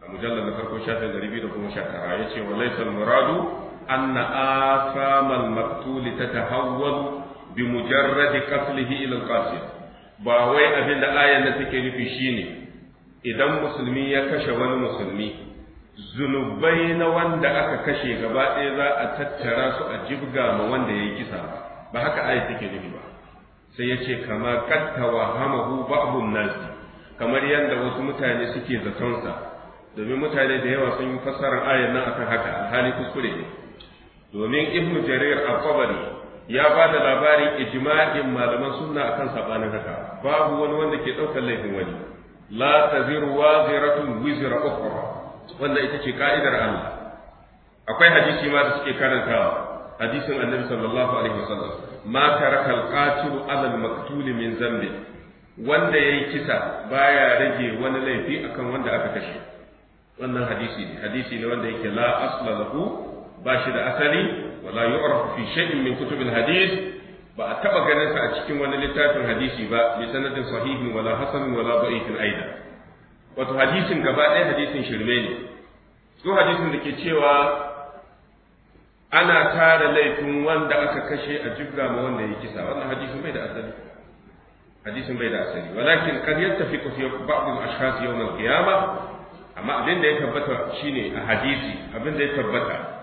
a mujallal na farko shafin ya ce wa laifin muradu أن آثام المقتول تتحول بمجرد قتله إلى القاتل ba wai abin da ayan da take nufi shine idan musulmi ya kashe wani musulmi zunubai na wanda aka kashe gaba ɗaya za a tattara su a jibga ma wanda ya yi kisa ba haka ayan take nufi ba sai ya ce kama kattawa hamahu ba'dun nasi kamar yadda wasu mutane suke zatonsa domin mutane da yawa sun yi fassarar ayan nan akan haka hali kuskure domin ibnu jarir al-qabari ya ba da labarin ijma'in malaman sunna akan sabanin haka babu wani wanda ke daukar laifin wani la taziru waziratun wizra ukhra wannan ita ce ka'idar Allah akwai hadisi ma da suke karantawa hadisin annabi sallallahu alaihi wasallam ma taraka al-qatilu alal maqtul min zambi wanda yayi kisa baya rage wani laifi akan wanda aka kashe wannan hadisi ne hadisi ne wanda yake la asla lahu ba shi da asali wala yu'rafu fi shay'in min kutubil hadis ba a taba ganin sa a cikin wani littafin hadisi ba bi sanadin sahihin wala hasan wala da'ifin aida wato hadisin gaba ɗaya hadisin shirme ne su hadisin da ke cewa ana tara laifin wanda aka kashe a jibga ma wanda ya kisa wannan hadisin bai da asali hadisin bai da asali walakin kad yattafiqu fi ba'd al-ashkhas yawm al-qiyamah amma abin da ya tabbata shine a hadisi abin da ya tabbata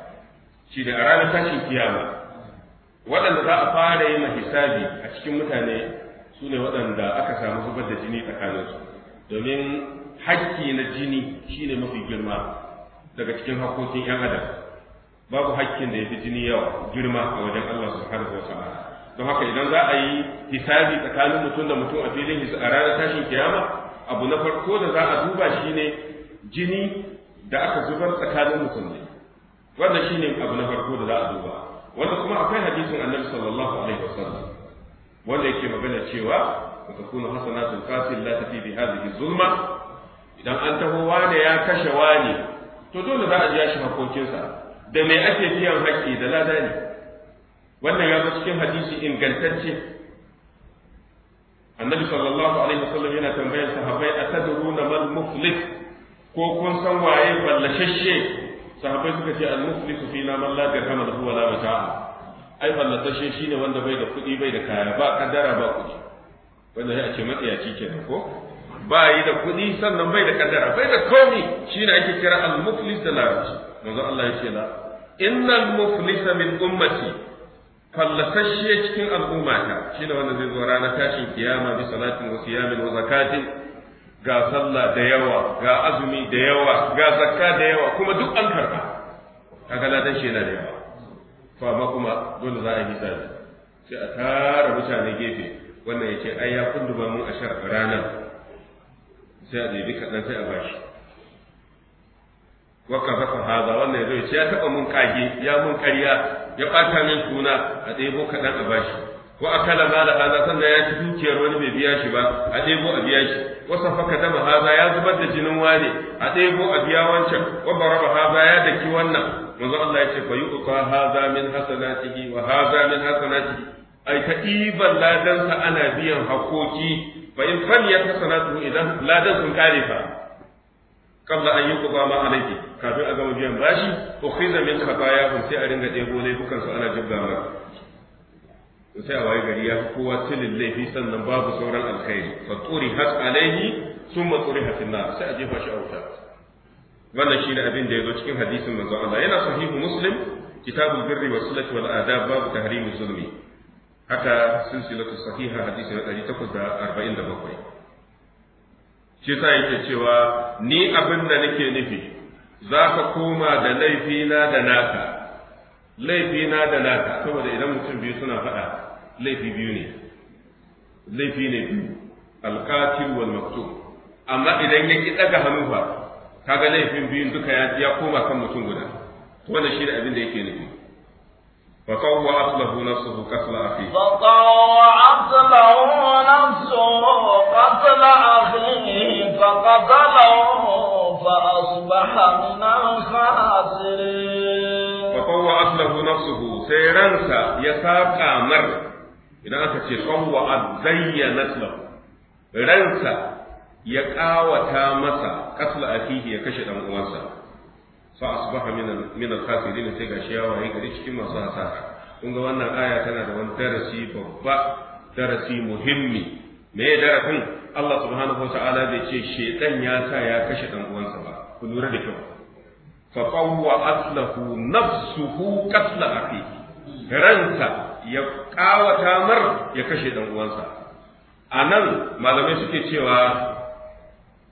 shi da a ranar tashin kiyama waɗanda za a fara yi hisabi a cikin mutane su ne waɗanda aka samu zubar da jini tsakaninsu domin hakki na jini shine mafi girma daga cikin hakokin 'yan adam babu hakkin da ya fi jini yawa girma a wajen Allah subhanahu wa ta'ala don haka idan za a yi hisabi tsakanin mutum da mutum a filin a ranar tashin kiyama abu na farko da za a duba shine jini da aka zubar tsakanin mutum ne wannan shine abu na farko da za a duba wanda kuma akwai hadisin annabi sallallahu alaihi wasallam wanda yake magana cewa wa takunu hasanatul qatil la tafi bi hadhihi zulma idan an taho wani ya kashe wani, to dole za a biya shi hakokinsa da me ake biyan haƙƙi da lada ne wannan ya zo cikin hadisi ingantacce annabi sallallahu alaihi wasallam yana tambayar sahabbai atadruna mal muflis ko kun san waye ballashashe sahabbai suka ce al-muflisu fina man la dirhama lahu wala mata'a ai fallatashe shine wanda bai da kuɗi bai da kaya ba kaddara ba kuɗi wanda sai a ce matsiyaci kenan ko ba yi da kuɗi sannan bai da kaddara bai da komi shine ake kira al-muflis da larabci manzo Allah ya ce la al muflisa min ummati fallasashe cikin al'ummata shine wanda zai zo ranar tashin kiyama bi salatin wa siyamin wa zakatin ga sallah da yawa ga azumi da yawa ga zakka da yawa kuma duk an karba kaga ladan shi yana da yawa fa amma kuma dole za a yi sai sai a tara mutane gefe wannan ya ce ai ya kunduba mun a shar ranar sai a ɗebi kaɗan sai a bashi waka fa haza wannan ya zo ya ce ya taɓa mun kage ya mun karya, ya ɓata min suna a ɗebo kaɗan a bashi wa akala mala hada sannan ya ci dukiyar wani bai biya shi ba a ɗebo a biya shi wa safaka dama haza ya zubar da jinin wane a ɗebo a biya wancan wa baraba haza ya daki wannan manzo Allah ya ce fa yuqa haza min hasanatihi wa haza min hasanatihi ai ka iban ladansa ana biyan hakoki fa in ya hasanatuhu idan ladan sun kare fa kabla an yi kuma ma alaiki kafin a gama biyan bashi khiza min khatayahum sai a ringa ɗebo su ana jibga to sai a waye gari ya fi kowa tilin laifi sannan babu sauran alkhairi fa tsuri has alaihi summa tsuri hatin sai a jefa shi a wuta wannan shine abin da yazo cikin hadisin manzo Allah yana sahihu muslim kitabul birri was silati wal adab babu tahrimi zulmi haka silsilatu sahiha hadisi na 847 shi sa yake cewa ni abin da nake nufi za ka koma da laifina da naka laifi na da naka saboda idan mutum biyu suna faɗa laifi biyu ne laifi ne biyu alqatil wal maktub amma idan ya ki daga hannu fa kaga laifin biyun duka ya ya koma kan mutum guda to wannan shi da abin da yake nufi fa qawwa aslahu nafsuhu qatla akhi fa qawwa aslahu nafsuhu qatla akhi fa qatalahu fa asbaha min al-khasirin fawwa aslahu nafsuhu sai ransa ya saka mar idan aka ce fawwa azayyanat lahu ransa ya kawata masa kasla akihi ya kashe dan uwansa fa asbaha min min al-khasirin sai gashi ya yi gari cikin masu hasara kun ga wannan aya tana da wani darasi babba darasi muhimmi me darasin Allah subhanahu wa ta'ala bai ce shedan ya sa ya kashe dan uwansa ba ku lura da kyau فطوعت له نفسه قتل أخيه رنسا ya kawata mar ya kashe dan uwansa a nan malamai suke cewa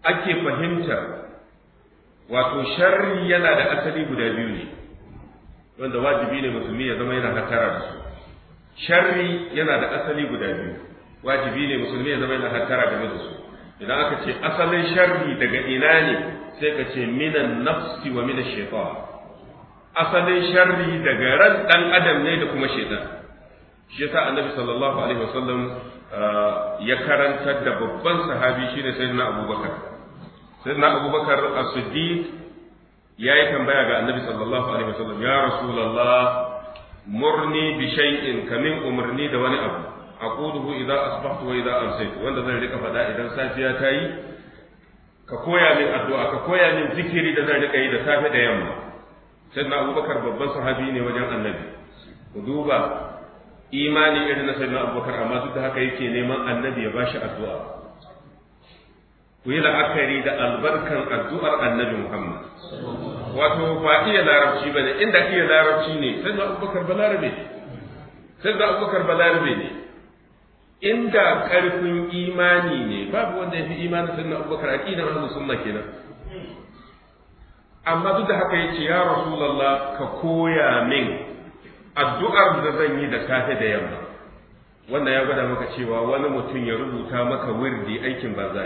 ake fahimtar wato sharri yana da asali guda biyu ne wanda wajibi ne musulmi ya zama yana hatara da su sharri yana da asali guda biyu wajibi ne musulmi ya zama yana hatara game da su idan aka ce asalin sharri daga ina ne sai ka ce minan nafsi wa minan shaitan asalin sharri daga ran dan adam ne da kuma shaitan shi yasa annabi sallallahu alaihi wasallam uh, ya karantar da babban sahabi shine sayyidina abubakar sayyidina abubakar as-siddiq yayi tambaya ga annabi sallallahu alaihi wasallam ya rasulullah murni bi shay'in kamin umarni da wani abu aquluhu idza asbahtu wa idza amsaytu wanda zan rika faɗa idan safiya ta yi ka koya min addu'a ka koya min zikiri da zan rika yi da safe da yamma sannan abubakar babban sahabi ne wajen annabi ku duba imani irin na sayyidina abubakar amma duk da haka yake neman annabi ya bashi addu'a ku yi la'akari da albarkan addu'ar annabi muhammad wato ba iya larabci ba ne inda iya larabci ne sayyidina abubakar balarabe ne sayyidina abubakar balarabe ne inda karfin imani ne babu wanda ya fi imanin sunna abubakar aqidan ahlus sunna kenan amma duk da haka yace ya rasulullah ka koya min addu'ar da zan yi da safe da yamma wanda ya gwada maka cewa wani mutum ya rubuta maka wurdi aikin banza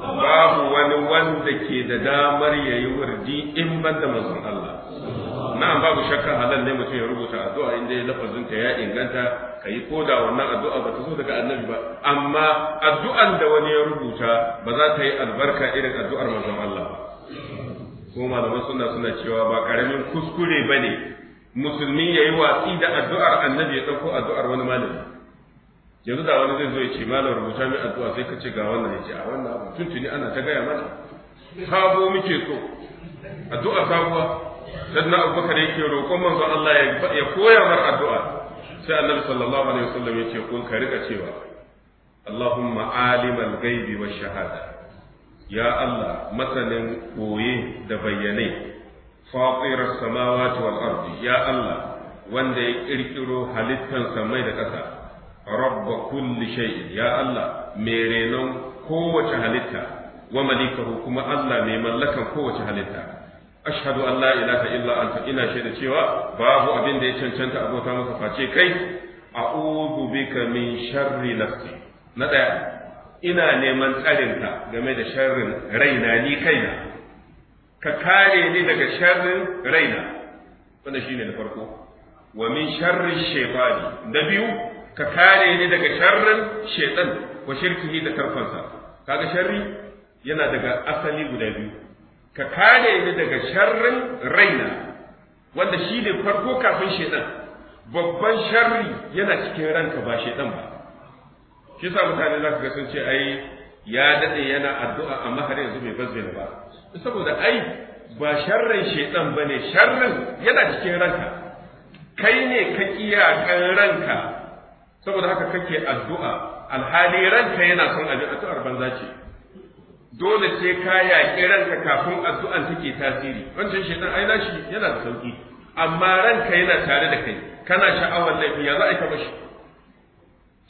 babu wani wanda ke da damar yayi wurdi in banda manzon Allah na'am babu shakka halal ne mutum ya rubuta addu'a inda lafazin ta ya inganta kai ko da wannan addu'a ba ta zo daga annabi ba amma addu'an da wani ya rubuta ba za ta yi albarka irin addu'ar manzon Allah ba ko malaman suna suna cewa ba karamin kuskure bane musulmi yayi watsi da addu'ar annabi ya dauko addu'ar wani malami yanzu da wani zai zo ya ce malam rubuta min addu'a sai ka ce ga wannan ya ce a wannan abu tuntuni ana ta gaya mana sabo muke so addu'a sabuwa dan na abubakar yake roƙon manzo Allah ya koya mar addu'a sai annabi sallallahu alaihi wasallam yace kun ka rika cewa Allahumma alimal ghaibi wa shahada ya Allah masanin boye da fatir as samawati wal ardi ya Allah wanda ya kirkiro halittan samai da ƙasa rabba kulli shay ya Allah mai renon kowace halitta wa malikahu kuma Allah mai mallakan kowace halitta ashhadu an la ilaha illa anta ina shaida cewa babu abin da ya cancanta abota maka face kai a'udhu bika min sharri nafsi na daya ina neman tsarinka game da sharrin raina ni kaina ka kare ni daga sharrin raina wannan shine na farko wa min sharri shaytani na biyu ka kare ni daga sharrin shaytan wa shirkihi da tarfansa kaga sharri yana daga asali guda biyu ka kare ni daga sharrin raina wanda shi ne farko kafin shaidan babban sharri yana cikin ranka ba shaidan ba shi sa mutane za ka ga sun ce ai ya daɗe yana addu'a amma har yanzu bai bazbe ba saboda ai ba sharrin shaidan ba ne sharrin yana cikin ranka kai ne ka kiyakan ranka saboda haka kake addu'a alhali ranka yana son addu'ar banza ce dole sai ka yaƙi ranka kafin addu'an take tasiri wancan shaitan ai nashi yana da sauki amma ranka yana tare da kai kana sha'awar laifi ya za a yi ka bashi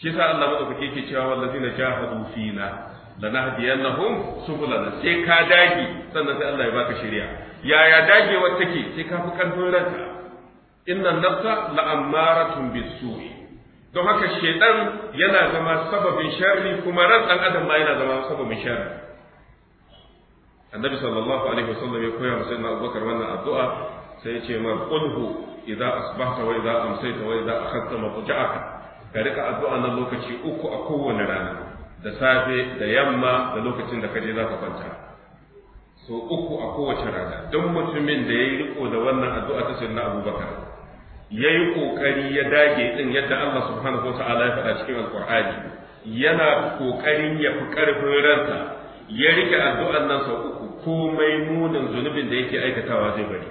shi sa Allah madaukake yake cewa wallazina jahadu fina lanahdiyannahum subulana sai ka dage sannan sai Allah ya baka shari'a yaya dagewar take sai ka fi karfin ranka innan nafsa la'ammaratun bisu'i don haka shedan yana zama sababin sharri kuma ran ɗan adam ma yana zama sababin sharri annabi sallallahu alaihi wasallam ya koya masa abubakar wannan addu'a sai ya ce mar qulhu idza asbahta wa idza amsayta wa idza akhadta mafja'aka ka rika addu'a nan lokaci uku a kowane rana da safe da yamma da lokacin da kaje zaka kwanta so uku a kowace rana don mutumin da yayi riko da wannan addu'a ta sunna abubakar yayi kokari ya dage din yadda Allah subhanahu wa ta'ala ya faɗa cikin alqur'ani yana kokarin ya fi karfin ransa ya rike addu'an nan sau uku komai munin zunubin da yake aikatawa zai bari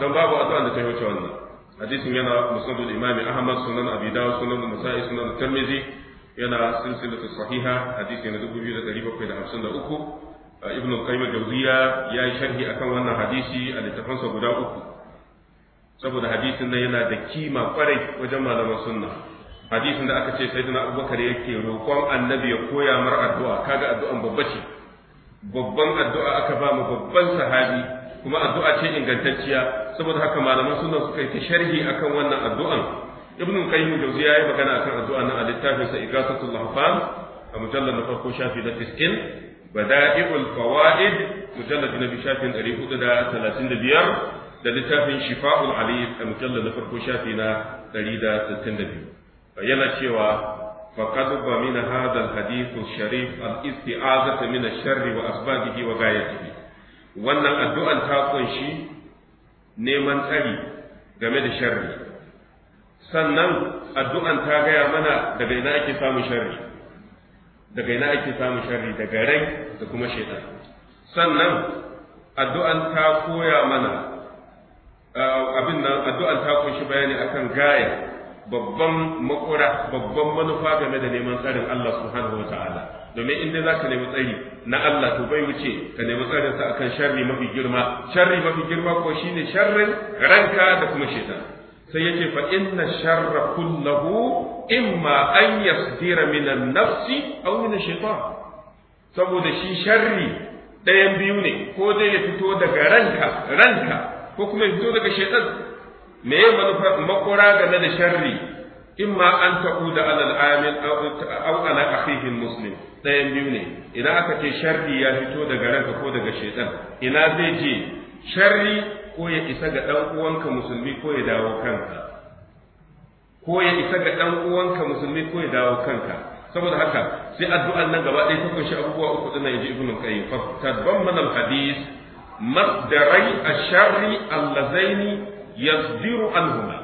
dan babu addu'a da ta wuce wannan hadisin yana da imami ahmad sunan abi dawud sunan musa'i sunan tirmidhi yana silsilatu sahiha hadisi na 2753 ibn qayyim al-jawziya ya yi sharhi akan wannan hadisi a littafansa guda uku saboda hadisin nan yana da kima kwarai wajen malaman sunna hadisin da aka ce sayyidina abubakar yake roƙon annabi ya koya mar addu'a kaga addu'an babba ce babban addu'a aka ba mu babban sahabi kuma addu'a ce ingantacciya saboda haka malaman sunna suka yi ta sharhi akan wannan addu'an Ibn qayyim jawziya ya magana akan addu'a nan a littafin sa igasatul lahfan a mujallar na farko shafi na 90 bada'iul fawaid mujallal na bi shafin 435 da littafin shifa'ul alif a mujallar na farko shafi na 162 yana cewa فقد ضمن هذا الحديث الشريف الاستعاذة من الشر وأسبابه وغايته wannan addu'an ta kunshi neman tsari game da sharri sannan addu'an ta gaya mana daga ina ake samun sharri daga ina ake samun sharri daga rai da kuma shaitan sannan addu'an ta koya mana abin nan addu'an ta kunshi bayani akan gaya babban makura babban manufa game da neman tsarin Allah subhanahu wata'ala domin inda za ka nemi tsari na Allah to bai wuce ka nemi tsarin sa akan sharri mafi girma sharri mafi girma ko shine sharrin ranka da kuma shaitan sai yace fa inna sharra kullahu imma an yasdira min an-nafsi aw min ash-shaytan saboda shi sharri ɗayan biyu ne ko dai ya fito daga ranka ranka ko kuma ya fito daga shaitan me ya manufa makora game da sharri in ma an da alal amin au ala akhihi muslim ɗayan biyu ne Ina aka ce sharri ya fito daga ranka ko daga shaitan ina zai je sharri ko ya isa ga ɗan uwanka musulmi ko ya dawo kanka ko ya isa ga ɗan uwanka musulmi ko ya dawo kanka saboda haka sai addu'an nan gaba ɗaya ta kunshi abubuwa uku din yaji ibnu qayyim fa tadbammana al Hadis masdarai ash-sharri allazaini yasdiru anhuma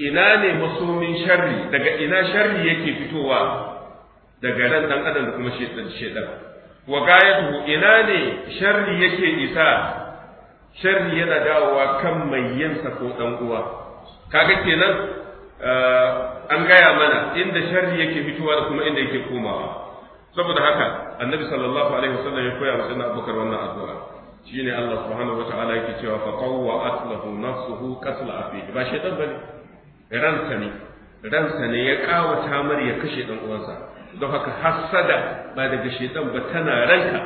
ina ne masumin sharri daga ina sharri yake fitowa daga ran dan adam da kuma shedan shedan wa gayatu ina ne sharri yake isa sharri yana dawowa kan mai yansa ko dan uwa kaga kenan eh, an gaya mana inda sharri yake fitowa da kuma inda yake komawa saboda haka annabi sallallahu alaihi wasallam ya koya wa sayyidina abubakar wannan addu'a shine Allah subhanahu wata'ala yake cewa fa qawwa aslahu nafsuhu kasla afihi ba shaytan bane ransa ne ransa ne ya kawata mar ya kashe dan uwansa don haka hasada ba daga shaytan ba tana ranka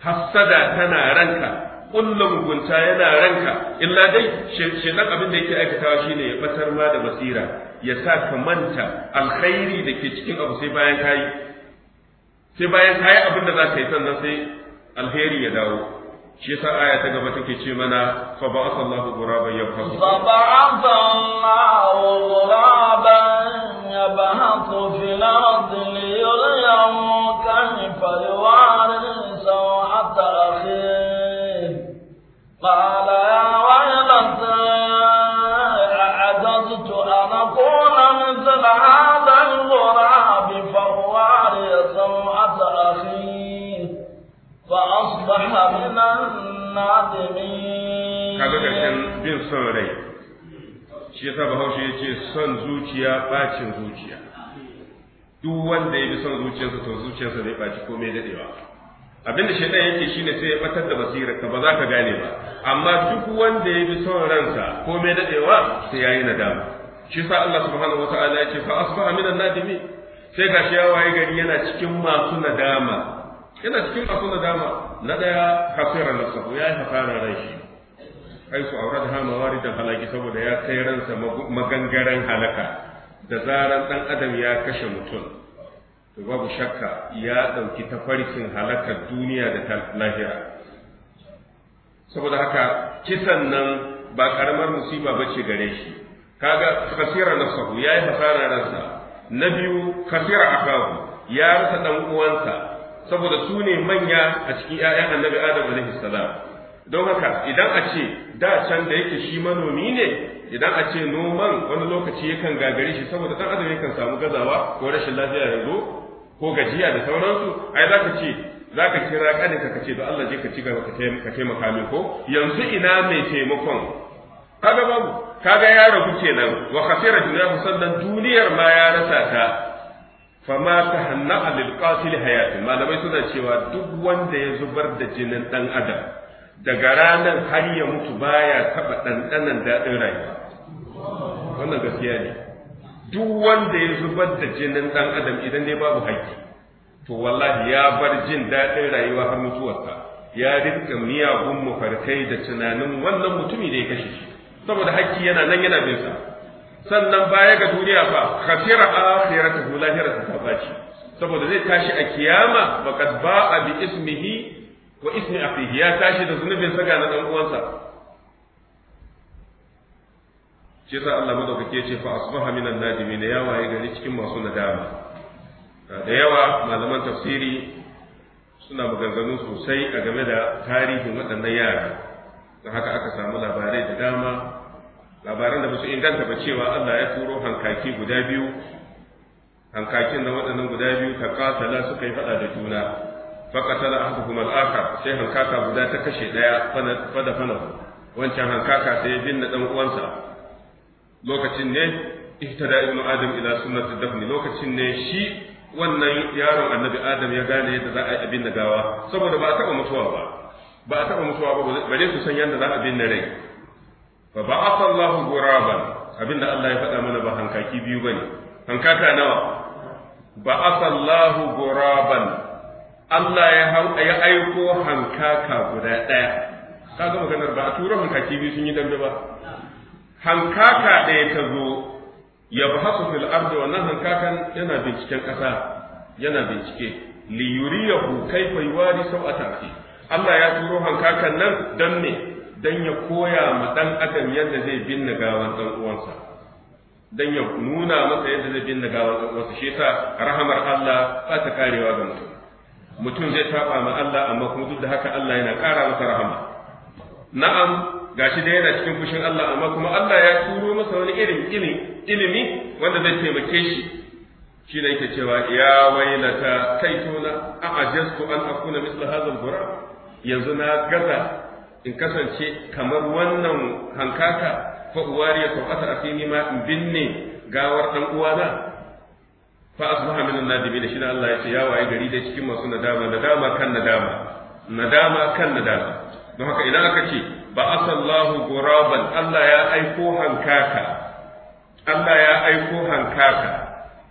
hasada tana ranka kullum gunta yana ranka illa dai shaytan abin da yake aikatawa shine ya batar ma da basira ya sa ka manta alkhairi da ke cikin abu sai bayan kai sai bayan kai abin da za ka yi sannan sai alheri ya dawo shi yasa aya ta gaba take ce mana fa ba'atha Allahu ghuraban yabhathu fa ba'atha Allahu ghuraban yabhathu fil ardi liyuriyahu kayfa yuwari qala ya waylata a'adadtu an kaga ƙarshen bin son rai shi yasa bahaushe ya ce son zuciya bacin zuciya duk wanda ya bi son zuciyarsa to zuciyarsa zai baci komai dadewa abinda shaitan yake shine sai ya batar da basirar ka ba za ka gane ba amma duk wanda ya bi son ransa komai dadewa sai yayi nadama shi yasa Allah subhanahu wataala ya ce fa asbaha minan nadimi sai gashi ya waye gari yana cikin masu nadama yana cikin abin da dama na daya na nafsahu ya yi hasara rai shi ai su aure da hama wari da halaki saboda ya kai ransa magangaren halaka da zaran dan adam ya kashe mutum to babu shakka ya dauki tafarkin halakar duniya da ta lahira saboda haka kisan nan ba karamar musiba bace gare shi kaga na ya yi hasara ransa na biyu kasira akawu ya rasa ɗan uwansa saboda su ne manya a cikin ‘ya'yan annabi Adam alaihi salam. Don haka idan a ce da can da yake shi manomi ne, idan a ce noman wani lokaci yakan gagari shi saboda ɗan adam yakan samu gazawa ko rashin lafiya ya zo ko gajiya da sauransu, ai za ka ce za ka kira ƙaninka ka ce da Allah je ka ci gaba ka taimaka min ko yanzu ina mai taimakon kaga babu kaga ya rabu kenan wa khasira dunya musallan duniyar ma ya rasa ta fama ta hanna alil qatil hayatin malamai suna cewa duk wanda ya zubar da jinin dan adam daga ranar har ya mutu baya taba ɗanɗanan daɗin rayuwa wannan gaskiya ne duk wanda ya zubar da jinin dan adam idan dai babu haƙƙi to wallahi ya bar jin daɗin rayuwa har mutuwarsa ya rinka miyagun mafarkai da tunanin wannan mutumi da ya kashe shi saboda haƙƙi yana nan yana bin sa sannan baya ga duniya fa khasira akhiratuhu lahiratu ta saboda zai tashi a kiyama faqad ba'a bi ismihi wa ismi akhihi ya tashi da zunubin sa na dan uwansa shi sa Allah madaukake ce fa asbaha minan nadimin ya waye gari cikin masu nadama da yawa malaman tafsiri suna maganganu sosai a game da tarihin waɗannan yara da haka aka samu labarai da dama labaran da basu inganta ba cewa Allah ya turo hankaki guda biyu hankakin da waɗannan guda biyu ta katala suka yi faɗa da juna faƙatala ahaduhum kuma al'aka, sai hankaka guda ta kashe ɗaya fada fana wancan hankaka sai ya binne ɗan uwansa lokacin ne ihtada ibnu adam ila sunnati dafni lokacin ne shi wannan yaron annabi adam ya gane yadda za a yi abin gawa saboda ba a taɓa mutuwa ba ba a taɓa mutuwa ba bare su san yadda za a binne rai fa ba'atha Allahu ghuraban abinda Allah ya faɗa mana ba hankaki biyu bane hankaka nawa ba'atha Allahu ghuraban Allah ya aiko hankaka guda ɗaya kaga maganar ba a tura hankaki biyu sun yi dambe ba hankaka ɗaya ta zo ya bahasu fil ardi wannan hankakan yana binciken ƙasa yana bincike li yuriyahu kaifa yuwari sau'ata Allah ya turo hankakan nan dan me dan ya koya ma dan adam yadda zai binne gawan dan uwansa dan ya nuna masa yadda zai binne gawan dan uwansa shi yasa rahamar Allah ba ta karewa ga mutum mutum zai saba ma Allah amma kuma duk da haka Allah yana ƙara masa rahama na'am gashi dai yana cikin fushin Allah amma kuma Allah ya turo masa wani irin ilimi wanda zai taimake shi shi da yake cewa ya wailata kaitona a ajastu an akuna misla hadha al yanzu na gaza in kasance kamar wannan hankaka fa ya sauƙata a fini ma in binne gawar uwa uwana fa asbaha min an-nadimin shi da Allah ya ce ya waye gari da cikin masu nadama nadama kan nadama nadama kan nadama don haka idan aka ce ba asallahu guraban Allah ya aiko hankaka Allah ya aiko hankaka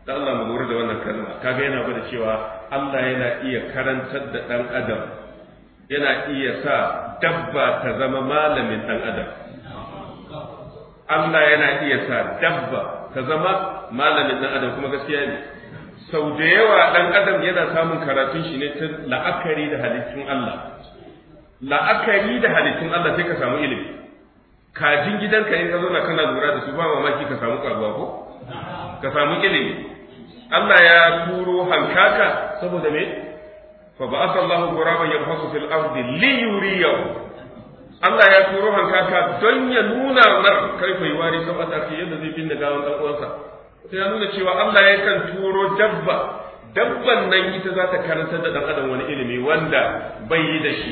da Allah mu lura da wannan kalma kaga yana bada cewa Allah yana iya karantar da ɗan adam yana iya sa dabba ta zama malamin ɗan adam Allah yana iya sa dabba ta zama malamin ɗan adam kuma gaskiya ne sau da yawa ɗan adam yana samun karatun shi ne ta la'akari da halittun Allah la'akari da halittun Allah sai ka samu ilimi kajin gidanka in ka zauna kana lura da su ba mamaki ka samu kwaruwa ko ka samu ilimi Allah ya turo hankaka saboda me fa ba'atha Allahu ghuraban yabhasu fil ardi li Allah ya turo hankaka don ya nuna mar wari sau sabata fi yadda zai binne gawan dan uwansa sai ya nuna cewa Allah yakan turo dabba dabban nan ita za ta karanta da dan adam wani ilimi wanda bai yi da shi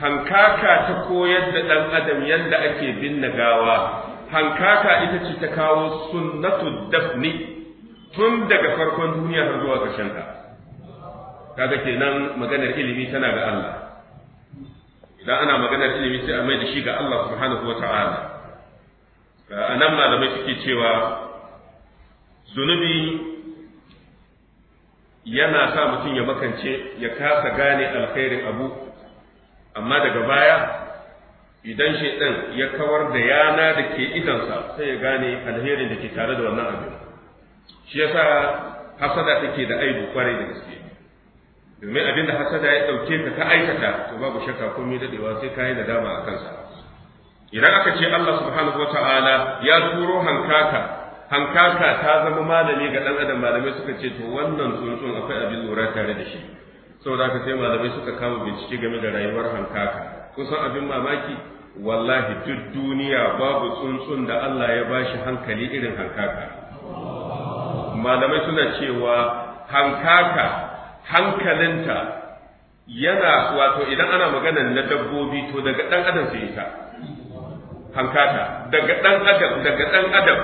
hankaka ta koyar da ɗan adam yadda ake binne gawa hankaka ita ce ta kawo sunnatu dafni tun daga farkon duniya har zuwa ƙarshen ka. kaga kenan maganar ilimi tana ga Allah idan ana maganar ilimi sai a mai da shi ga Allah subhanahu wa ta'ala a nan malamai suke cewa zunubi yana sa mutum ya makance ya kasa gane alkhairin abu amma daga baya idan shi shaidan ya kawar da yana da ke idansa sai ya gane alherin da ke tare da wannan abin shi yasa hasada take da aibu kwarai da gaske domin abin da hasada ya ɗauke ka ka aikata to babu shakka komai daɗewa sai ka yi nadama a kansa idan aka ce Allah subhanahu wata'ala ya turo hankaka hankaka ta zama malami ga ɗan adam malamai suka ce to wannan tsuntsun akwai abin lura tare da shi saboda haka sai malamai suka kama bincike game da rayuwar hankaka kun san abin mamaki wallahi duk duniya babu tsuntsun da Allah ya bashi hankali irin hankaka malamai suna cewa hankaka hankalinta yana wato idan ana magana na dabbobi to daga ɗan adam sai ita hankata daga ɗan adam daga ɗan adam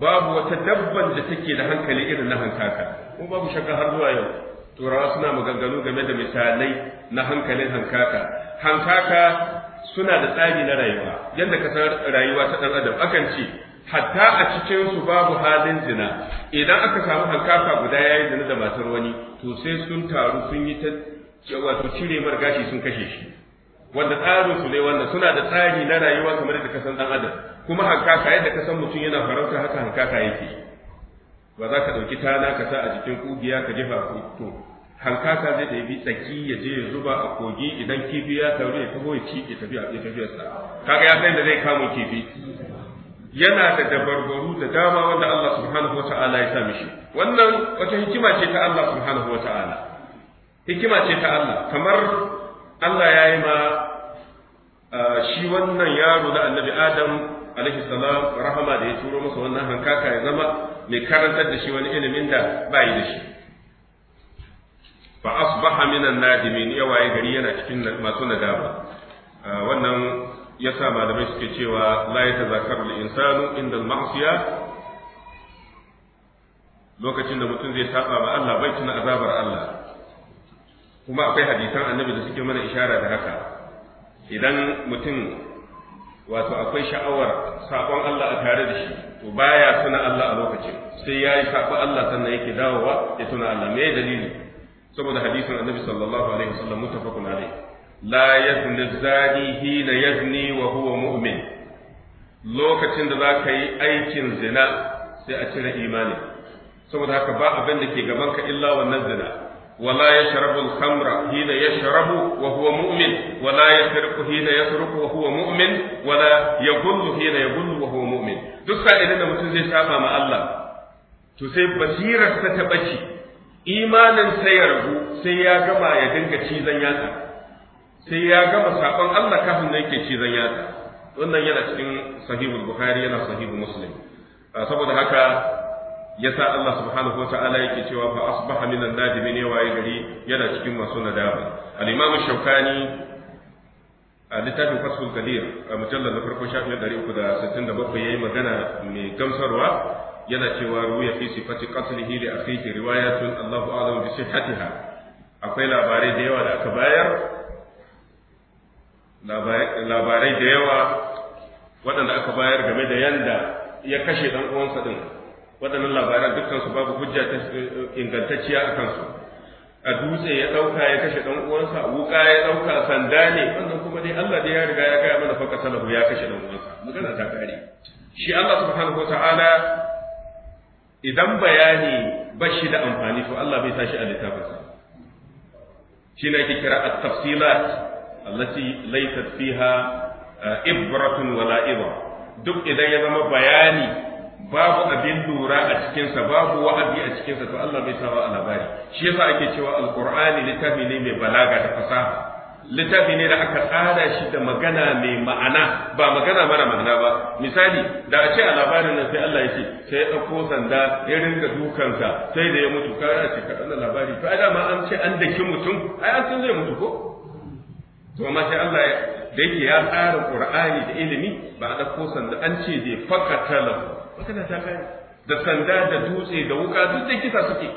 babu wata dabban da take da hankali irin na hankaka ko babu shakka har zuwa yau turawa suna maganganu game da misalai na hankalin hankata. hankaka suna da tsari na rayuwa yadda ka san rayuwa ta ɗan adam akan ce hatta a cikin su babu halin zina idan aka samu hankafa guda yayi zina da matar wani to sai sun taru sun yi ta wato cire mar gashi sun kashe shi wanda tsarin su ne wannan suna da tsari na rayuwa kamar yadda ka san dan adam kuma hankaka yadda ka san mutum yana farauta haka hankaka yake ba za ka ɗauki tana ka sa a jikin kugiya ka jefa to hankaka zai bi tsaki ya je ya zuba a kogi idan kifi ya taru ya taho ya ci ya tafi a tafiyarsa kaga ya san da zai kama kifi yana da dabarbaru da dama wanda Allah subhanahu wa ta'ala ya sa mishi wannan wata hikima ce ta Allah subhanahu wa ta'ala hikima ce ta Allah kamar Allah ya yi ma shi wannan yaro na annabi Adam alaihi salam rahama da ya turo masa wannan hankaka ya zama mai karantar da shi wani ilimin da ba yi da shi fa asbaha minan nadimin ya waye gari yana cikin masu nadama wannan yasa malamai suke cewa la yatazakkaru al-insanu inda ma'asiya lokacin da mutum zai saba ba Allah bai tuna azabar Allah kuma akwai hadisan annabi da suke mana ishara da haka idan mutum wato akwai sha'awar sabon Allah a tare da shi to baya tuna Allah a lokacin sai ya yi sabon Allah sannan yake dawowa ya tuna Allah me dalili saboda hadisin annabi sallallahu alaihi wasallam mutafakun alaihi la yazni zani hina yazni wa huwa mu'min lokacin da za ka yi aikin zina sai a cire imanin saboda haka ba abin da ke gabanka illa wannan zina wala yashrabu al-khamra hina yashrabu wa huwa mu'min wala yasriqu hina yasriqu wa huwa mu'min wala yaghullu hina yaghullu wa huwa mu'min duk sa'ilin da mutum zai saba ma Allah to sai basirar ta ta bace imanin sai ya ragu sai ya gama ya dinga cizon yatsa sai ya gama saban Allah kafin da yake cizon yatsa wannan yana cikin sahihul bukhari yana sahihul muslim saboda haka yasa Allah subhanahu wa ta'ala yake cewa fa asbaha minan nadimin ya waye gari yana cikin masu nadama al-imam shaukani a littafin fasul kadir a mujallar na farko shafin ɗari uku da sittin da yayi magana mai gamsarwa yana cewa ruya fi sifati qatlihi li akhihi riwayatun Allahu a'lam bi sihhatiha akwai labarai da yawa da aka bayar labarai da yawa waɗanda aka bayar game da yanda ya kashe ɗan uwansa ɗin waɗannan labaran su babu hujja ta eh, ingantacciya a kansu a dutse ya ɗauka ya kashe ɗan uwansa wuƙa ya ɗauka sanda ne wannan kuma dai Allah dai ya riga ya gaya mana fa kasalahu ya kashe ɗan uwansa magana ta kare shi Allah subhanahu wataala idan bayani bashi da amfani to Allah bai tashi a littafinsa shi ne ake kira at-tafsilat allati laysat fiha ibratun wala iba duk idan ya zama bayani babu abin lura a cikinsa babu wa'azi a cikinsa to Allah bai sawa a labari shi yasa ake cewa alqur'ani littafi ne mai balaga da fasaha littafi ne da aka tsara shi da magana mai ma'ana ba magana mara ma'ana ba misali da a ce a labarin nan sai Allah ya ce sai ya ɗauko sanda ya ringa dukansa sai da ya mutu a ce ka labari to ai dama an ce an daki mutum ai an san zai mutu ko to amma sai Allah da yake ya tsara Qur'ani da ilimi ba a dauko sanda an ce bai fakata lahu fakata ta kai da sanda da dutse da wuka duk da kisa suke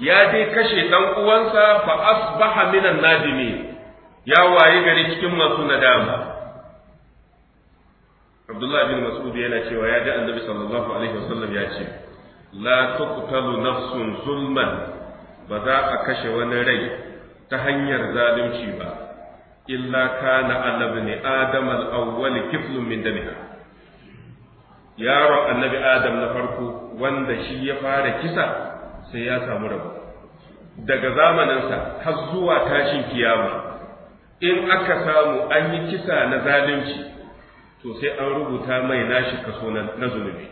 ya dai kashe dan uwansa fa asbaha minan nadimi ya waye gari cikin masu nadama Abdullah bin Mas'ud yana cewa ya ji Annabi sallallahu alaihi wasallam ya ce la tuqtalu nafsun zulman ba za a kashe wani rai ta hanyar zalunci ba illa kana ala ibn adam al-awwal kiflun min damiha yaron annabi adam na farko wanda shi ya fara kisa sai ya samu rabu. daga zamaninsa har zuwa tashin kiyama in aka samu an yi kisa na zalunci to sai an rubuta mai nashi kaso na zunubi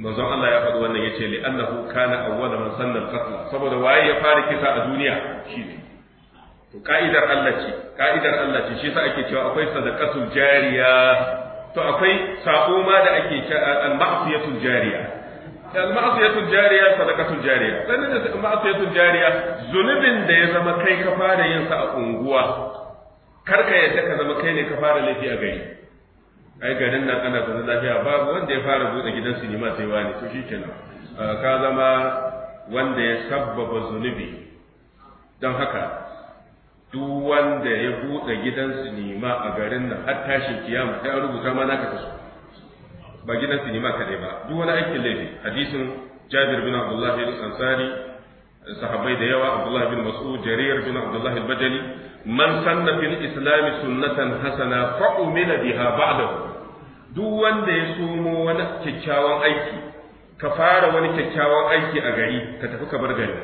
manzon Allah ya faɗi wannan ya ce li annahu kana awwala man sanna al-qatl saboda waye ya fara kisa a duniya shi ne to ka'idar Allah ce ka'idar Allah ce shi yasa ake cewa akwai sadaqatul jariya to akwai sako ma da ake al-ma'siyatul jariya al-ma'siyatul jariya sadaqatul jariya sannan da ma'siyatul jariya zunubin da ya zama kai ka fara yin sa a unguwa kar ka yadda ka zama kai ne ka fara laifi a gari ai garin nan ana zaune lafiya babu wanda ya fara buɗe gidan sinima sai wani to shikenan ah, ka zama wanda ya sabbaba zunubi don haka duk wanda ya buɗe gidan sinima a garin nan har tashin kiyama sai an rubuta ma naka kaso ba gidan sinima kadai ba duk wani aikin laifi hadisin Jabir bin Abdullah bin Ansari sahabbai da yawa Abdullah bin Mas'ud Jarir bin Abdullah al-Bajali man sanna fil islam sunnatan hasana fa umila biha ba'dahu duk wanda ya somo wani kyakkyawan aiki ka fara wani kyakkyawan aiki a gari ka tafi ka bar gari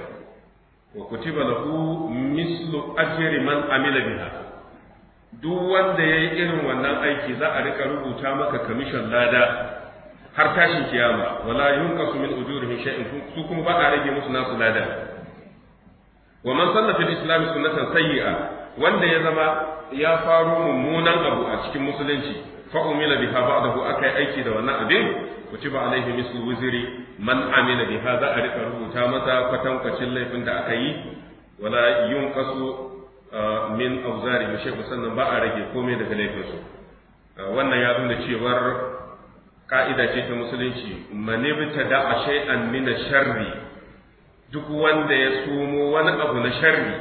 wa kutiba lahu mislu ajri man amila duk wanda yayi irin wannan aiki za a rika rubuta maka kamishin lada har tashin kiyama wala yunqasu min ujurihim shay'in su kuma ba a rage musu nasu lada wa man sanna fil islam sunnatan sayyi'a wanda ya zama ya faro mummunan abu a cikin musulunci fa umila biha ba'dahu akai aiki da wannan abin kutiba alaihi mislu wizri man Amina biha za a rika rubuta masa kwatankwacin laifin da aka yi wala yunqasu ah, min auzari da shekku sannan ba a rage komai daga laifinsu ah, wannan ya nuna cewar ka'ida ce ta musulunci manibta da a shay'an min sharri duk wanda ya sumo wani abu na sharri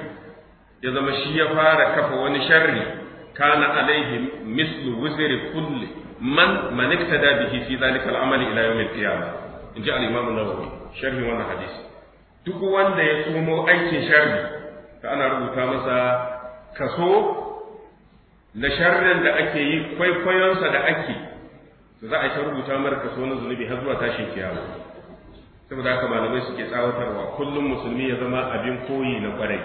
ya zama shi ya fara kafa wani sharri kana alaihi mislu wuzri kulli man man iktada bihi fi zalika al ila yawm al-qiyamah inji al-imam an-nawawi wannan hadisi duk wanda ya tsomo aikin sharri ta ana rubuta masa kaso na sharrin da ake yi kwaikwayonsa da ake za a rubuta mara kaso na zunubi har zuwa tashin kiyama saboda haka malamai suke tsawatarwa kullum musulmi ya zama abin koyi na kwarai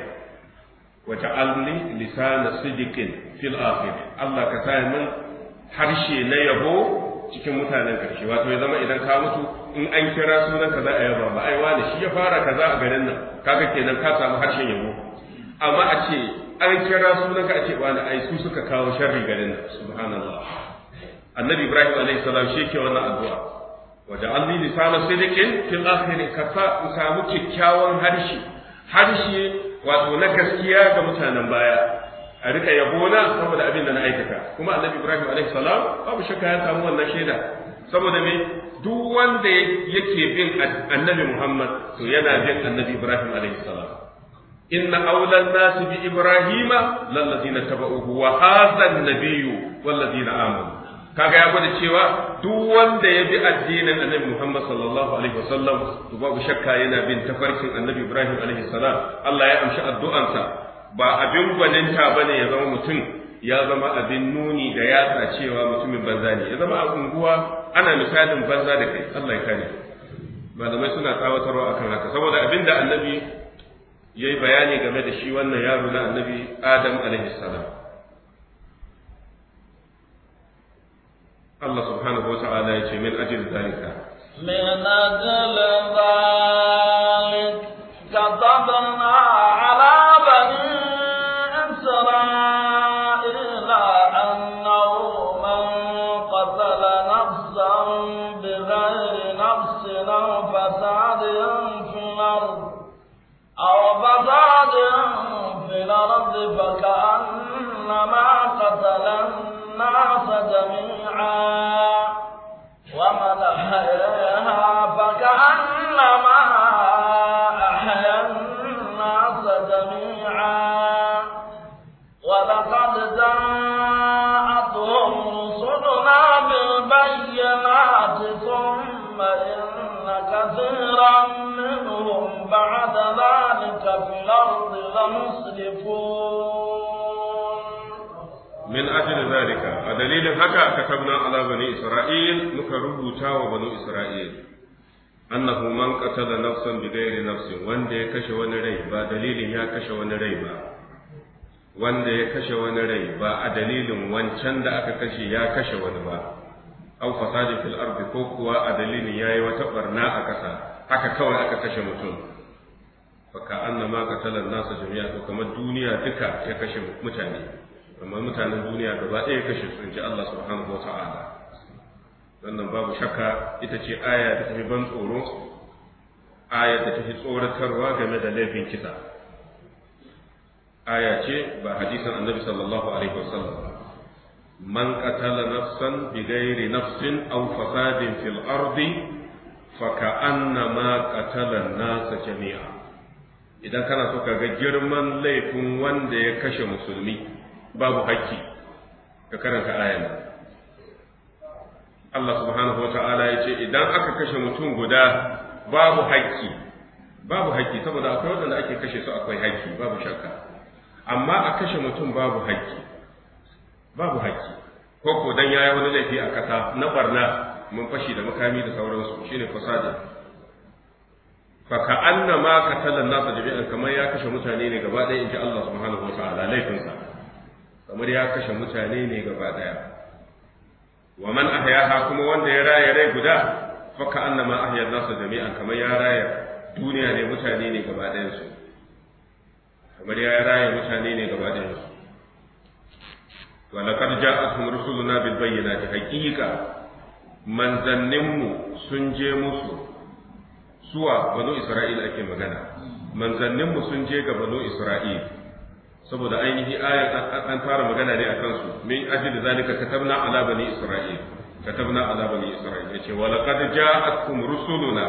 wata alli lisana sidikin fil akhir Allah ka sa min harshe na yabo cikin mutanen ƙarshe wato ya zama idan ka mutu in an kira sunan kaza a yaba ba ai wani shi ya fara kaza a garin nan kaga kenan ka samu harshen yabo amma a ce an kira sunan ka a ce wani ai su suka kawo sharri garin nan subhanallah annabi ibrahim alaihi salam shi ke wannan addu'a wa ja'alni lisana sidiqin fil akhir ka sa samu kyakkyawan harshe harshe wato na gaskiya ga mutanen baya a rika yabo na saboda abin da na aikata kuma annabi ibrahim alaihi salam babu shakka ya samu wannan shaida saboda me duk wanda yake bin annabi muhammad to yana bin annabi ibrahim alaihi salam inna awlan nasi bi ibrahima lallazina tabauhu wa hadha an-nabiyyu wallazina amanu kaga ya gwada cewa duk wanda ya bi addinin annabi Muhammad sallallahu alaihi wasallam to babu shakka yana bin tafarkin annabi Ibrahim alaihi salam Allah ya amshi addu'ansa ba abin gwaninta ba ne ya zama mutum ya zama abin nuni da yatsa cewa mutumin banza ne ya zama a unguwa ana misalin banza da kai Allah ya kare malamai suna tsawatarwa akan haka saboda abin da annabi ya yi bayani game da shi wannan yaro na annabi adam alaihi salam Allah subhanahu wa ta'ala ya ce min ajin zalika min ajil zalika قتل نفسا بغير نفس أو فساد في الأرض أو فساد في الأرض فكأنما قتل الناس جميعا ومن أحياها فكأنما الناس ثم إن كثيرا منهم بعد ذلك في الأرض لمسرفون من أجل ذلك دليل هكا كتبنا على بني إسرائيل مكربوتا وبنو إسرائيل أنه من قتل نفسا بغير نفس وان دي كشي وان ري با دليل يا كشي وان ري با wanda ya kashe wani rai ba a dalilin wancan da aka kashe ya kashe wani ba aw fasadin fil ardi ko kuwa a dalilin yayi wata barna a ƙasa haka kawai aka kashe mutum fa ka annama qatala nasa jami'a to kamar duniya duka ya kashe mutane amma mutanen duniya gaba ɗaya kashe su inji Allah subhanahu wa wannan babu shakka ita ce aya da tafi ban tsoro aya da tafi tsoratarwa game da laifin kisa aya ce ba hadisin annabi sallallahu alaihi wasallam من قتل نفسا بغير نفس أو فساد في الأرض فكأنما قتل الناس جميعا idan kana so ka ga girman laifin wanda ya kashe musulmi babu hakki ka karanta ayan Allah subhanahu wa ta'ala ya ce idan aka kashe mutum guda babu haƙƙi, babu haƙƙi saboda akwai wanda ake kashe su akwai haƙƙi babu shakka amma a kashe mutum babu haƙƙi. babu haƙƙi ko ko dan yayi wani laifi a kasa na barna mun fashi da makami da sauransu shine fasada fa ka anna ma qatala an-nas jami'an kamar ya kashe mutane ne gaba ɗaya inji Allah subhanahu wa ta'ala laifin sa kamar ya kashe mutane ne gaba ɗaya wa man ahyaha kuma wanda ya raya rai guda fa ka anna ma ahya an-nas jami'an kamar ya raya duniya ne mutane ne gaba ɗayan su kamar ya raya mutane ne gaba ɗayan su wa laqad ja'atuhum rusuluna bil bayyinati haqiqa manzanninmu sun je musu suwa banu isra'il ake magana manzanninmu sun je ga banu isra'il saboda ainihi ayan an fara magana ne akan su min ajli zalika katabna ala bani isra'il katabna ala bani isra'il yace wa laqad ja'atkum rusuluna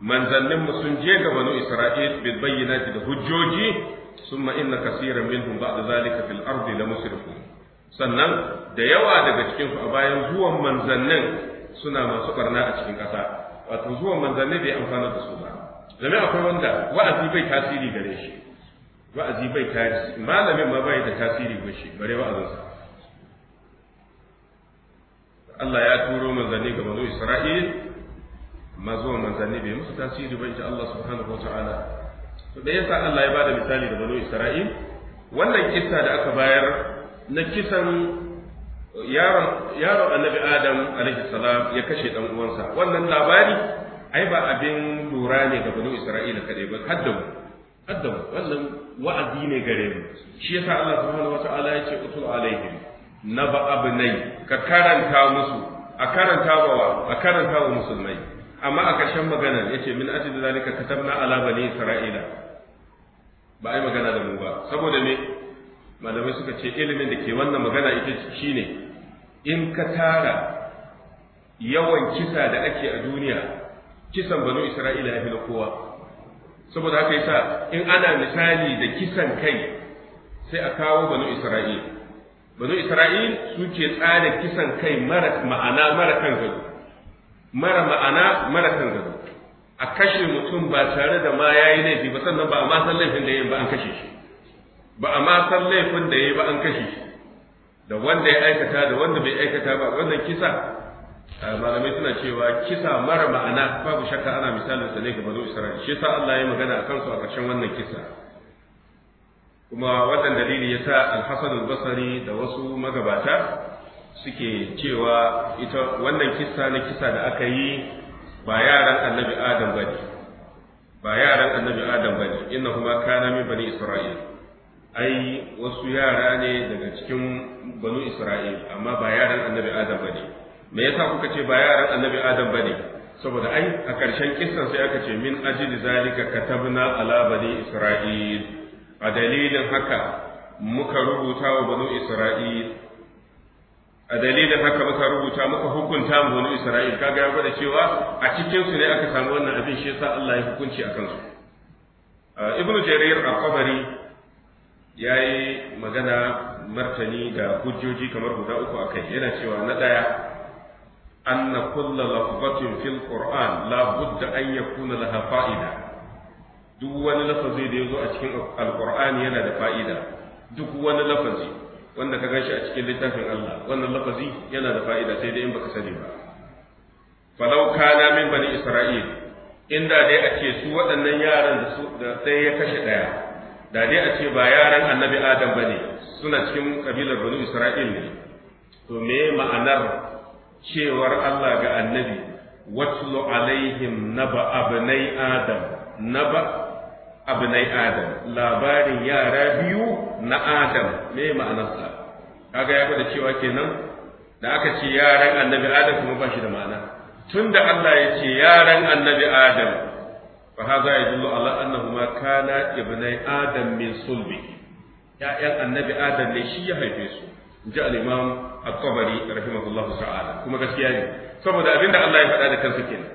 manzanninmu sun je ga banu isra'il bil bayyinati da hujjoji summa inna kaseeran minhum ba'da zalika fil ardi lamusrifun sannan da yawa daga cikin a bayan zuwan manzannin suna masu barna a cikin ƙasa wato zuwan manzanni bai amfana da su ba domin akwai wanda wa'azi bai tasiri gare shi wa'azi bai tasiri malamin ma bai da tasiri ga shi bare wa'azinsa Allah ya turo manzanni ga mazo Isra'il amma zuwan manzanni bai musu tasiri ba insha Allah subhanahu wa ta'ala to da yasa Allah ya bada misali da mazo Isra'il wannan kissa da aka bayar na kisan yaron annabi adam alaihi salam ya kashe dan uwansa wannan labari ai ba abin lura ne ga bani isra'ila kadai ba haddamu haddamu wannan wa'azi ne gare mu shi yasa Allah subhanahu wata'ala ya ce utul alaihim naba abnai ka karanta musu a karanta wa a karanta wa musulmai amma a ƙarshen magana yace min da zalika katabna ala bani isra'ila ba ai magana da mu ba saboda me malamai suka ce ilimin da ke wannan magana ita shine in ka tara yawan kisa da ake a duniya kisan banu isra'ila ya fi na kowa saboda haka yasa in ana misali da kisan kai sai a kawo banu isra'il banu isra'il suke tsara kisan kai mara ma'ana mara kan gado mara ma'ana mara kan gado a kashe mutum ba tare da ma yayi laifi ba sannan ba a ma san laifin da yin ba an kashe shi ba a ma laifin da ya yi ba an kashe shi da wanda ya aikata da wanda bai aikata ba wannan kisa malamai suna cewa kisa mara ma'ana babu shakka ana misalin sa ne ga bazo Isra'il shi yasa Allah ya magana akan su a ƙarshen wannan kisa kuma wannan dalili yasa Al-Hasan al-Basri da wasu magabata suke cewa ita wannan kisa na kisa da aka yi ba yaran Annabi Adam bane ba yaran Annabi Adam bane innahuma kana min bani Isra'il ai wasu yara ne daga cikin banu isra'il amma ba yaran annabi adam bane me yasa kuka ce ba yaran annabi adam bane saboda ai a ƙarshen kissan sai aka ce min ajli zalika katabna ala bani isra'il a dalilin haka muka rubuta wa banu isra'il a dalilin haka muka rubuta muka hukunta mu banu isra'il kaga ya gwada cewa a cikin su ne aka samu wannan abin shi yasa Allah ya hukunci akan su uh, ibnu jarir al-qabari ya yi magana martani da hujjoji kamar guda uku a kai yana cewa na ɗaya An na kulla lafafatin fil ƙor'an la budda an kuna laha fa'ida duk wani lafazi da ya zo a cikin alƙur'ani yana da fa'ida duk wani lafazi wanda ka ganshi a cikin littafin Allah wannan lafazi yana da fa'ida sai dai in baka sani ba falau kana min bani isra'il inda dai a ce su waɗannan yaran da su da sai ya kashe ɗaya da dai a ce ba yaran annabi adam ba ne suna cikin kabilar bani isra'il ne to me ma'anar cewar allah ga annabi watlu alaihim naba abnai adam naba abnai adam labarin yara biyu na adam me ma'anarsa kaga ya da cewa kenan da aka ce yaran annabi adam kuma ba shi da ma'ana tunda allah ya ce yaran annabi adam fa hadha yadullu ala annahuma kana ibnai adam min sulbi ya'yan annabi adam ne shi ya haife su inji al-imam at-tabari rahimahullahu ta'ala kuma gaskiya ne saboda abinda Allah ya faɗa da kansa kenan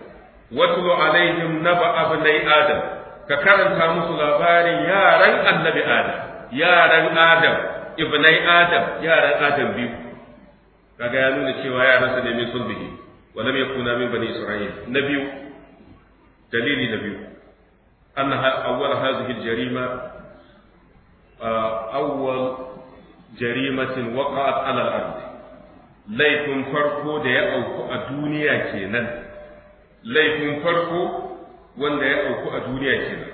watlu alaihim naba abnai adam ka karanta musu labarin yaran annabi adam yaran adam ibnai adam yaran adam biyu kaga ya nuna cewa yaransa ne min sulbihi wa lam yakuna min bani isra'il na biyu dalili na biyu أنها أول هذه الجريمة أول جريمة وقعت على الأرض laifin farko da ya auku a duniya kenan laifin farko wanda ya auku a duniya kenan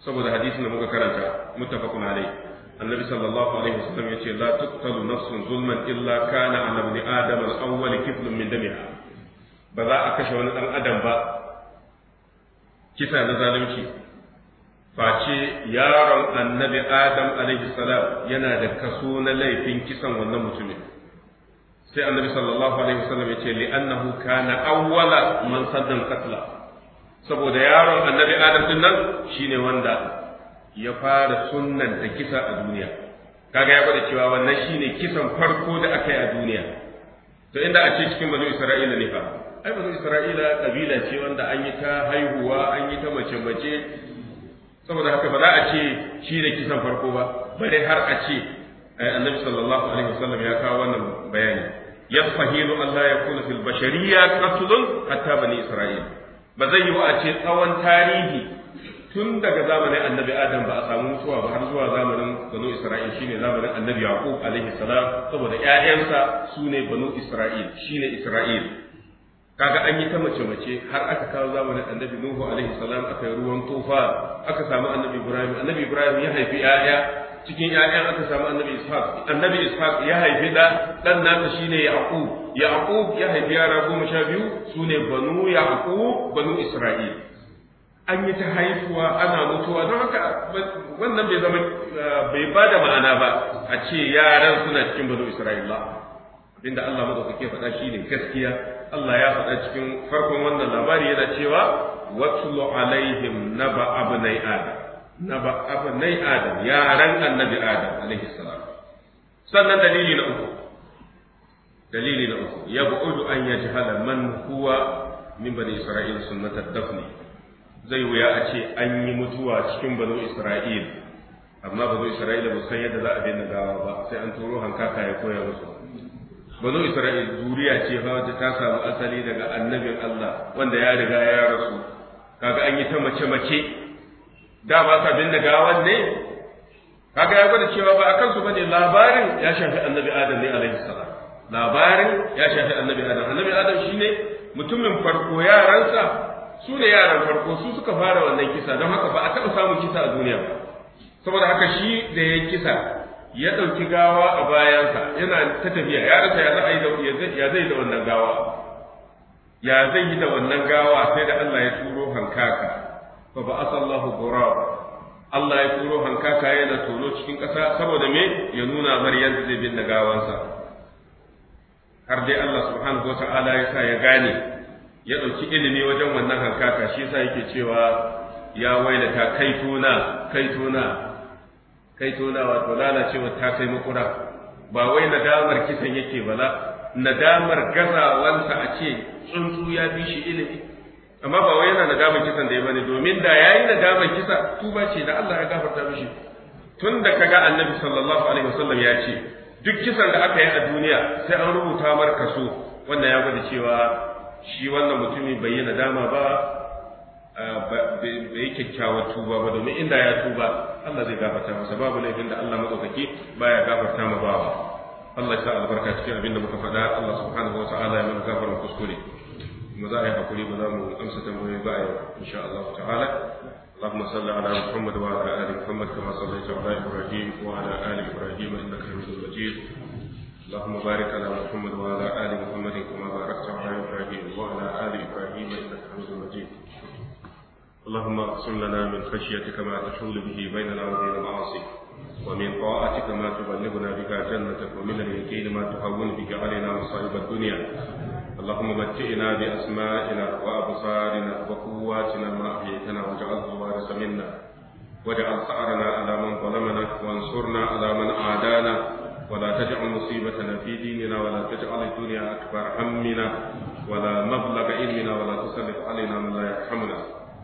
saboda hadisin da muka karanta muttafaqun alai annabi sallallahu alaihi wasallam yace la tuqtalu nafsun zulman illa kana ala ibn adam al-awwal kiflun min ba za a kashe wani dan adam ba kisa na zalunci face yaron annabi adam alaihi salam yana da kaso na laifin kisan wannan mutumin sai annabi sallallahu alaihi wasallam ya ce li annahu kana awwala man saddan qatla saboda yaron annabi adam din nan shine wanda ya fara sunnan da kisa a duniya kaga ya gwada cewa wannan shine kisan farko da aka yi a duniya to inda a ce cikin bani isra'ila ne fa ai banu isra'ila kabila ce wanda an yi ta haihuwa an yi ta mace mace saboda haka ba za a ce shi da kisan farko ba bare har a ce eh, annabi sallallahu alaihi wasallam ya kawo wannan bayani fahimu Allah ya kuna fil bashariyya qatlun hatta bani isra'ila ba zai yi wa a ce tsawon tarihi tun daga zamanin annabi adam ba a samu mutuwa ba har zuwa zamanin banu isra'il shine zamanin annabi yaqub alaihi salam saboda ƴaƴansa sune banu isra'il shine isra'il kaga an yi ta mace mace har aka kawo zamanin annabi nuhu alaihi salam aka yi ruwan tufa aka samu annabi ibrahim annabi ibrahim ya haifi ya'ya cikin ya'yan aka samu annabi ishaq annabi ishaq ya haifi da dan nasa shine yaqub yaqub ya haifi yara goma sha biyu sune banu yaqub banu isra'il an yi ta haifuwa ana mutuwa don haka wannan bai zama bai bada ma'ana ba a ce yaran suna cikin banu isra'ila inda Allah madaukake faɗa shine gaskiya Allah ya faɗa cikin farkon wannan labari yana cewa watlu alaihim naba abnai adam naba abnai adam yaran annabi adam alaihi salam sannan dalili na uku dalili na uku ya bu'udu an ya man huwa min bani isra'il sunnatad dafni zai wuya a ce an yi mutuwa cikin banu isra'il amma banu Isra'il ba san yadda za a daina gawa ba sai an turo hankaka ya koya musu banu Isra'il zuriya ce fa wacce ta samu asali daga annabin Allah wanda ya riga ya rasu kaga an yi ta mace mace da ba ka bin daga gawan kaga ya gwada cewa ba akan su bane labarin ya shafi annabi Adam ne alaihi salam labarin ya shafi annabi Adam annabi Adam shine mutumin farko yaransa su ne yaran farko su suka fara wannan kisa don haka ba a taɓa samun kisa a duniya ba saboda haka shi da ya kisa ya ɗauki gawa a bayansa yana ta tafiya ya rasa ya zai da ya zai da wannan gawa ya zai yi da wannan gawa sai da Allah ya turo hankaka fa ba asallahu ghurab Allah ya turo hankaka yana tono cikin ƙasa saboda me ya nuna mar zai binne gawansa har dai Allah subhanahu wata'ala ya sa ya gane ya ɗauki ilimi wajen wannan hankaka shi yasa yake cewa ya wailata kaituna kaituna kai tona wato lalacewa ta kai makura ba wai nadamar kisan yake bala nadamar gazawansa a ce tsuntsu ya bi shi ilimi amma ba wai yana nadamar kisan da ya bane domin da yayi nadamar kisa tuba ce da Allah ya gafarta mishi tun da kaga annabi sallallahu alaihi wasallam ya ce duk kisan da aka yi a duniya sai an rubuta mar kaso wannan ya gwada cewa shi wannan mutumin bai yi nadama ba Ah, bai kyakkyawar tuba ba domin inda ya tuba Allah zai gafarta masa babu laifin da Allah madaukaki baya gafarta ma bawa Allah ya albarka cikin abin da muka faɗa Allah subhanahu wa ta'ala ya mana gafarin kuskure kuma za a yi hakuri ba za mu amsa tambayoyi ba yau insha Allah ta'ala اللهم صل على محمد وعلى ال محمد كما صليت على ابراهيم وعلى ال ابراهيم انك حميد مجيد اللهم بارك على محمد وعلى ال محمد كما باركت على ابراهيم وعلى ال ابراهيم انك حميد اللهم اقسم لنا من خشيتك ما تحول به بيننا وبين معاصيك ومن طاعتك ما تبلغنا بك جنتك ومن اليقين ما تهون بك علينا مصائب الدنيا اللهم متئنا بأسمائنا وأبصارنا وقواتنا ما أحييتنا واجعل الوارث منا واجعل ثأرنا على من ظلمنا وانصرنا على من عادانا ولا تجعل مصيبتنا في ديننا ولا تجعل الدنيا أكبر همنا ولا مبلغ علمنا ولا تسلط علينا من لا يرحمنا